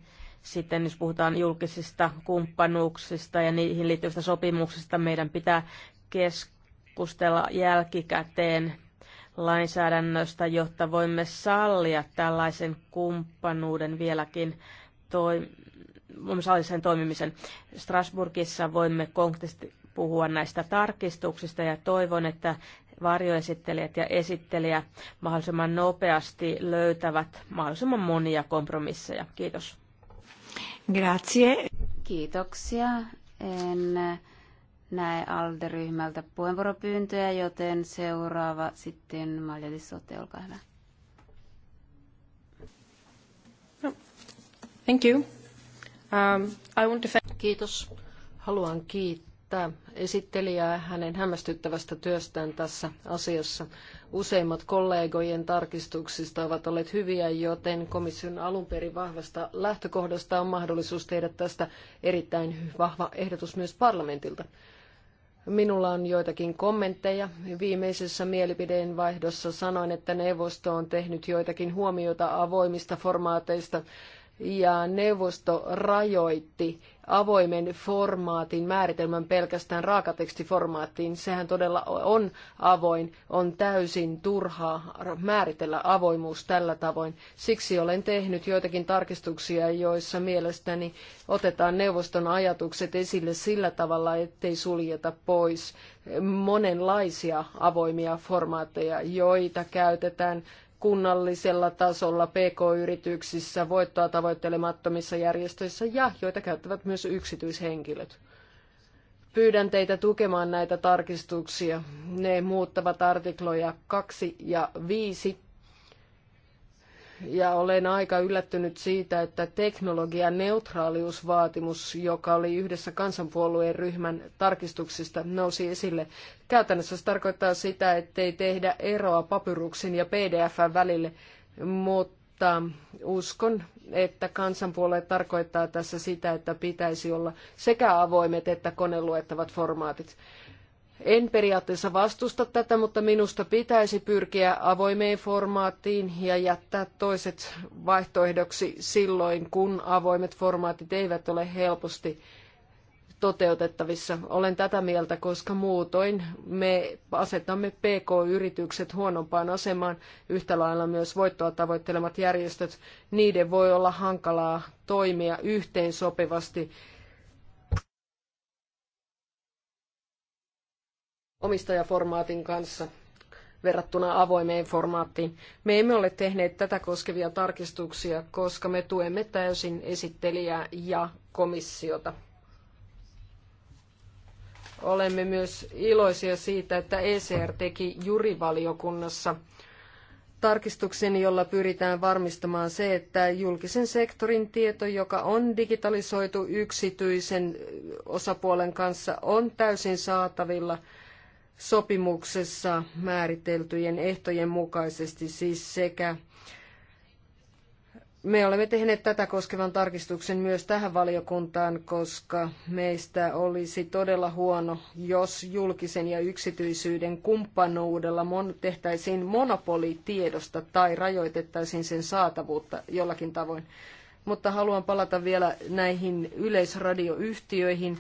sitten jos puhutaan julkisista kumppanuuksista ja niihin liittyvistä sopimuksista, meidän pitää keskustella jälkikäteen lainsäädännöstä, jotta voimme sallia tällaisen kumppanuuden vieläkin toi, salisen toimimisen. Strasburgissa voimme konkreettisesti puhua näistä tarkistuksista ja toivon, että varjoesittelijät ja esittelijä mahdollisimman nopeasti löytävät mahdollisimman monia kompromisseja. Kiitos. Grazie. Kiitoksia. En näe ALDE-ryhmältä puheenvuoropyyntöjä, joten seuraava sitten Malja Sote, olkaa hyvä. Thank you. Um, I want to thank... Kiitos. Haluan kiittää esittelijää hänen hämmästyttävästä työstään tässä asiassa. Useimmat kollegojen tarkistuksista ovat olleet hyviä, joten komission alun perin vahvasta lähtökohdasta on mahdollisuus tehdä tästä erittäin vahva ehdotus myös parlamentilta. Minulla on joitakin kommentteja. Viimeisessä mielipideen vaihdossa sanoin, että neuvosto on tehnyt joitakin huomioita avoimista formaateista ja neuvosto rajoitti avoimen formaatin määritelmän pelkästään raakatekstiformaattiin. Sehän todella on avoin, on täysin turhaa määritellä avoimuus tällä tavoin. Siksi olen tehnyt joitakin tarkistuksia, joissa mielestäni otetaan neuvoston ajatukset esille sillä tavalla, ettei suljeta pois monenlaisia avoimia formaatteja, joita käytetään kunnallisella tasolla, pk-yrityksissä, voittoa tavoittelemattomissa järjestöissä ja joita käyttävät myös yksityishenkilöt. Pyydän teitä tukemaan näitä tarkistuksia. Ne muuttavat artikloja 2 ja 5 ja olen aika yllättynyt siitä, että teknologian neutraaliusvaatimus, joka oli yhdessä kansanpuolueen ryhmän tarkistuksista, nousi esille. Käytännössä se tarkoittaa sitä, ettei tehdä eroa papyruksen ja n välille, mutta uskon, että kansanpuolue tarkoittaa tässä sitä, että pitäisi olla sekä avoimet että koneluettavat formaatit. En periaatteessa vastusta tätä, mutta minusta pitäisi pyrkiä avoimeen formaattiin ja jättää toiset vaihtoehdoksi silloin, kun avoimet formaatit eivät ole helposti toteutettavissa. Olen tätä mieltä, koska muutoin me asetamme PK-yritykset huonompaan asemaan, yhtä lailla myös voittoa tavoittelemat järjestöt. Niiden voi olla hankalaa toimia yhteensopivasti omistajaformaatin kanssa verrattuna avoimeen formaattiin. Me emme ole tehneet tätä koskevia tarkistuksia, koska me tuemme täysin esittelijää ja komissiota. Olemme myös iloisia siitä, että ECR teki jurivaliokunnassa tarkistuksen, jolla pyritään varmistamaan se, että julkisen sektorin tieto, joka on digitalisoitu yksityisen osapuolen kanssa, on täysin saatavilla – sopimuksessa määriteltyjen ehtojen mukaisesti, siis sekä me olemme tehneet tätä koskevan tarkistuksen myös tähän valiokuntaan, koska meistä olisi todella huono, jos julkisen ja yksityisyyden kumppanuudella tehtäisiin monopoli tiedosta tai rajoitettaisiin sen saatavuutta jollakin tavoin mutta haluan palata vielä näihin yleisradioyhtiöihin.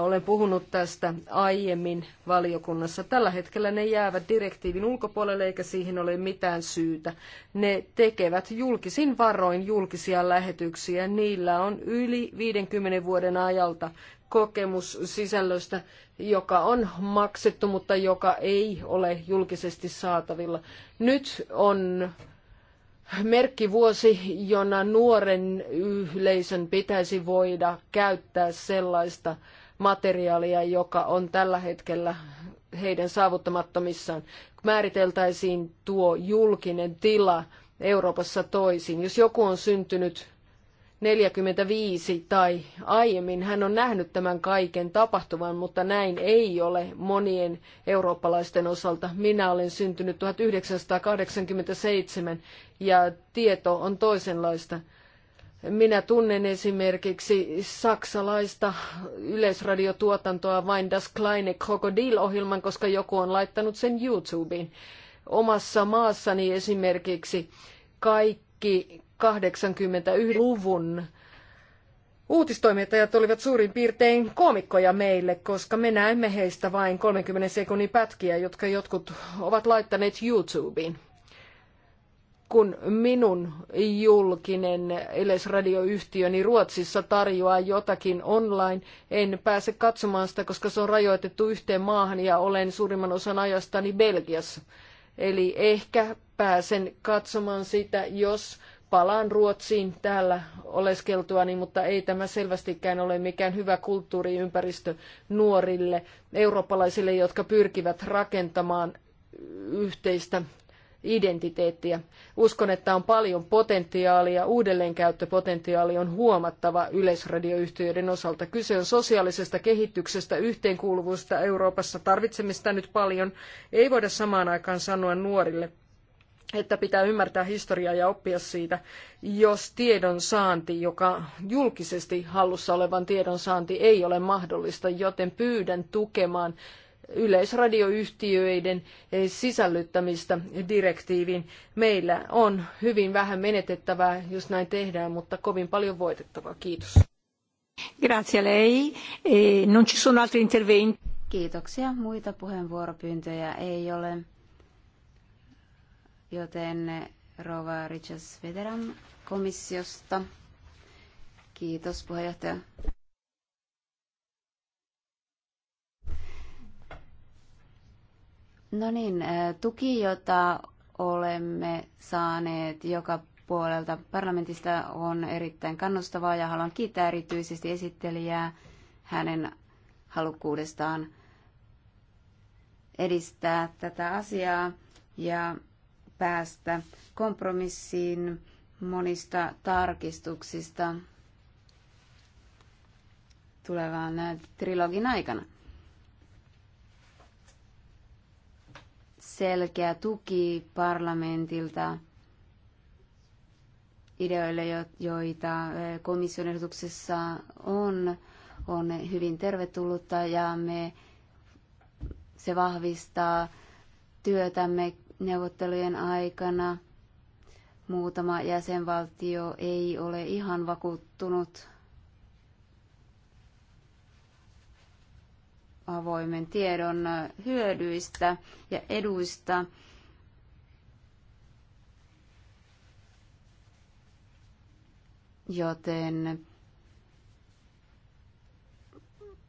Olen puhunut tästä aiemmin valiokunnassa. Tällä hetkellä ne jäävät direktiivin ulkopuolelle eikä siihen ole mitään syytä. Ne tekevät julkisin varoin julkisia lähetyksiä. Niillä on yli 50 vuoden ajalta kokemus sisällöstä, joka on maksettu, mutta joka ei ole julkisesti saatavilla. Nyt on merkkivuosi, jona nuoren yleisön pitäisi voida käyttää sellaista materiaalia, joka on tällä hetkellä heidän saavuttamattomissaan. Määriteltäisiin tuo julkinen tila Euroopassa toisin. Jos joku on syntynyt 45 tai aiemmin. Hän on nähnyt tämän kaiken tapahtuvan, mutta näin ei ole monien eurooppalaisten osalta. Minä olen syntynyt 1987 ja tieto on toisenlaista. Minä tunnen esimerkiksi saksalaista yleisradiotuotantoa vain Das Kleine Krokodil-ohjelman, koska joku on laittanut sen YouTubeen. Omassa maassani esimerkiksi kaikki 81-luvun uutistoimittajat olivat suurin piirtein koomikkoja meille, koska me näemme heistä vain 30 sekunnin pätkiä, jotka jotkut ovat laittaneet YouTubeen kun minun julkinen Eles-radioyhtiöni Ruotsissa tarjoaa jotakin online, en pääse katsomaan sitä, koska se on rajoitettu yhteen maahan ja olen suurimman osan ajastani Belgiassa. Eli ehkä pääsen katsomaan sitä, jos palaan Ruotsiin täällä oleskeltuani, mutta ei tämä selvästikään ole mikään hyvä kulttuuriympäristö nuorille eurooppalaisille, jotka pyrkivät rakentamaan yhteistä identiteettiä. Uskon, että on paljon potentiaalia, uudelleenkäyttöpotentiaali on huomattava yleisradioyhtiöiden osalta. Kyse on sosiaalisesta kehityksestä, yhteenkuuluvuudesta Euroopassa. Tarvitsemme sitä nyt paljon. Ei voida samaan aikaan sanoa nuorille että pitää ymmärtää historiaa ja oppia siitä, jos tiedon saanti, joka julkisesti hallussa olevan tiedon saanti ei ole mahdollista, joten pyydän tukemaan yleisradioyhtiöiden sisällyttämistä direktiiviin. Meillä on hyvin vähän menetettävää, jos näin tehdään, mutta kovin paljon voitettavaa. Kiitos. Grazie lei. Eh, non ci sono altri interventi. Kiitoksia. Muita puheenvuoropyyntöjä ei ole joten Rova Richards Federan komissiosta. Kiitos puheenjohtaja. No niin, äh, tuki, jota olemme saaneet joka puolelta parlamentista on erittäin kannustavaa ja haluan kiittää erityisesti esittelijää hänen halukkuudestaan edistää tätä asiaa ja päästä kompromissiin monista tarkistuksista tulevaan äh, trilogin aikana. Selkeä tuki parlamentilta ideoille, joita äh, komission ehdotuksessa on, on hyvin tervetullutta ja me, se vahvistaa työtämme neuvottelujen aikana muutama jäsenvaltio ei ole ihan vakuuttunut avoimen tiedon hyödyistä ja eduista. Joten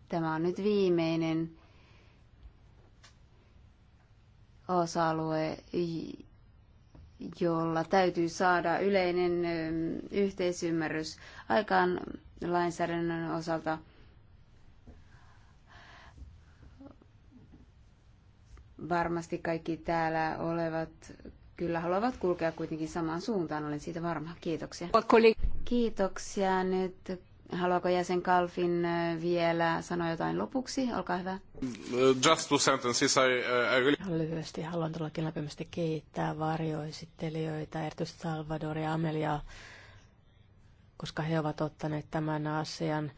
tämä on nyt viimeinen osa-alue, jolla täytyy saada yleinen yhteisymmärrys aikaan lainsäädännön osalta. Varmasti kaikki täällä olevat kyllä haluavat kulkea kuitenkin samaan suuntaan, olen siitä varma. Kiitoksia. Kiitoksia nyt Haluaako jäsen Kalfin vielä sanoa jotain lopuksi? Olkaa hyvä. Mm, just two sentences. I, uh, I really... Lyhyesti haluan todellakin lämpimästi kiittää varjoesittelijöitä, erityisesti Salvador ja Amelia, koska he ovat ottaneet tämän asian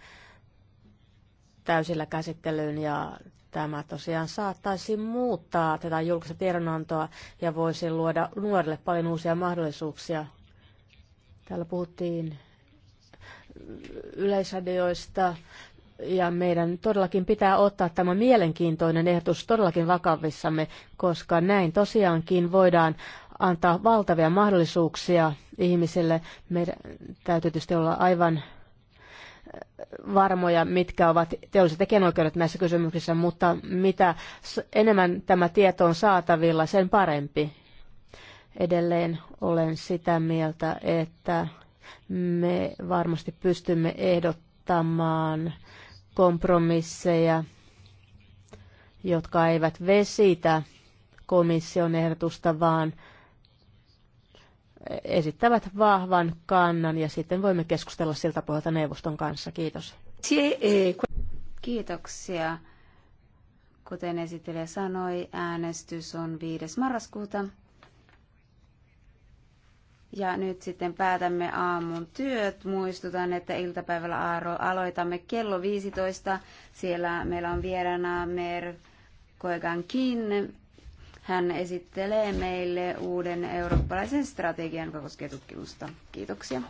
täysillä käsittelyyn ja tämä tosiaan saattaisi muuttaa tätä julkista tiedonantoa ja voisi luoda nuorille paljon uusia mahdollisuuksia. Täällä puhuttiin yleisradioista ja meidän todellakin pitää ottaa tämä mielenkiintoinen ehdotus todellakin vakavissamme, koska näin tosiaankin voidaan antaa valtavia mahdollisuuksia ihmisille. Meidän täytyy tietysti olla aivan äh, varmoja, mitkä ovat teolliset tekijänoikeudet näissä kysymyksissä, mutta mitä enemmän tämä tieto on saatavilla, sen parempi. Edelleen olen sitä mieltä, että me varmasti pystymme ehdottamaan kompromisseja, jotka eivät vesitä komission ehdotusta, vaan esittävät vahvan kannan ja sitten voimme keskustella siltä pohjalta neuvoston kanssa. Kiitos. Kiitoksia. Kuten esittelijä sanoi, äänestys on 5. marraskuuta. Ja nyt sitten päätämme aamun työt. Muistutan, että iltapäivällä aloitamme kello 15. Siellä meillä on vieraana Mer Koegan Kin. Hän esittelee meille uuden eurooppalaisen strategian, joka koskee tutkimusta. Kiitoksia.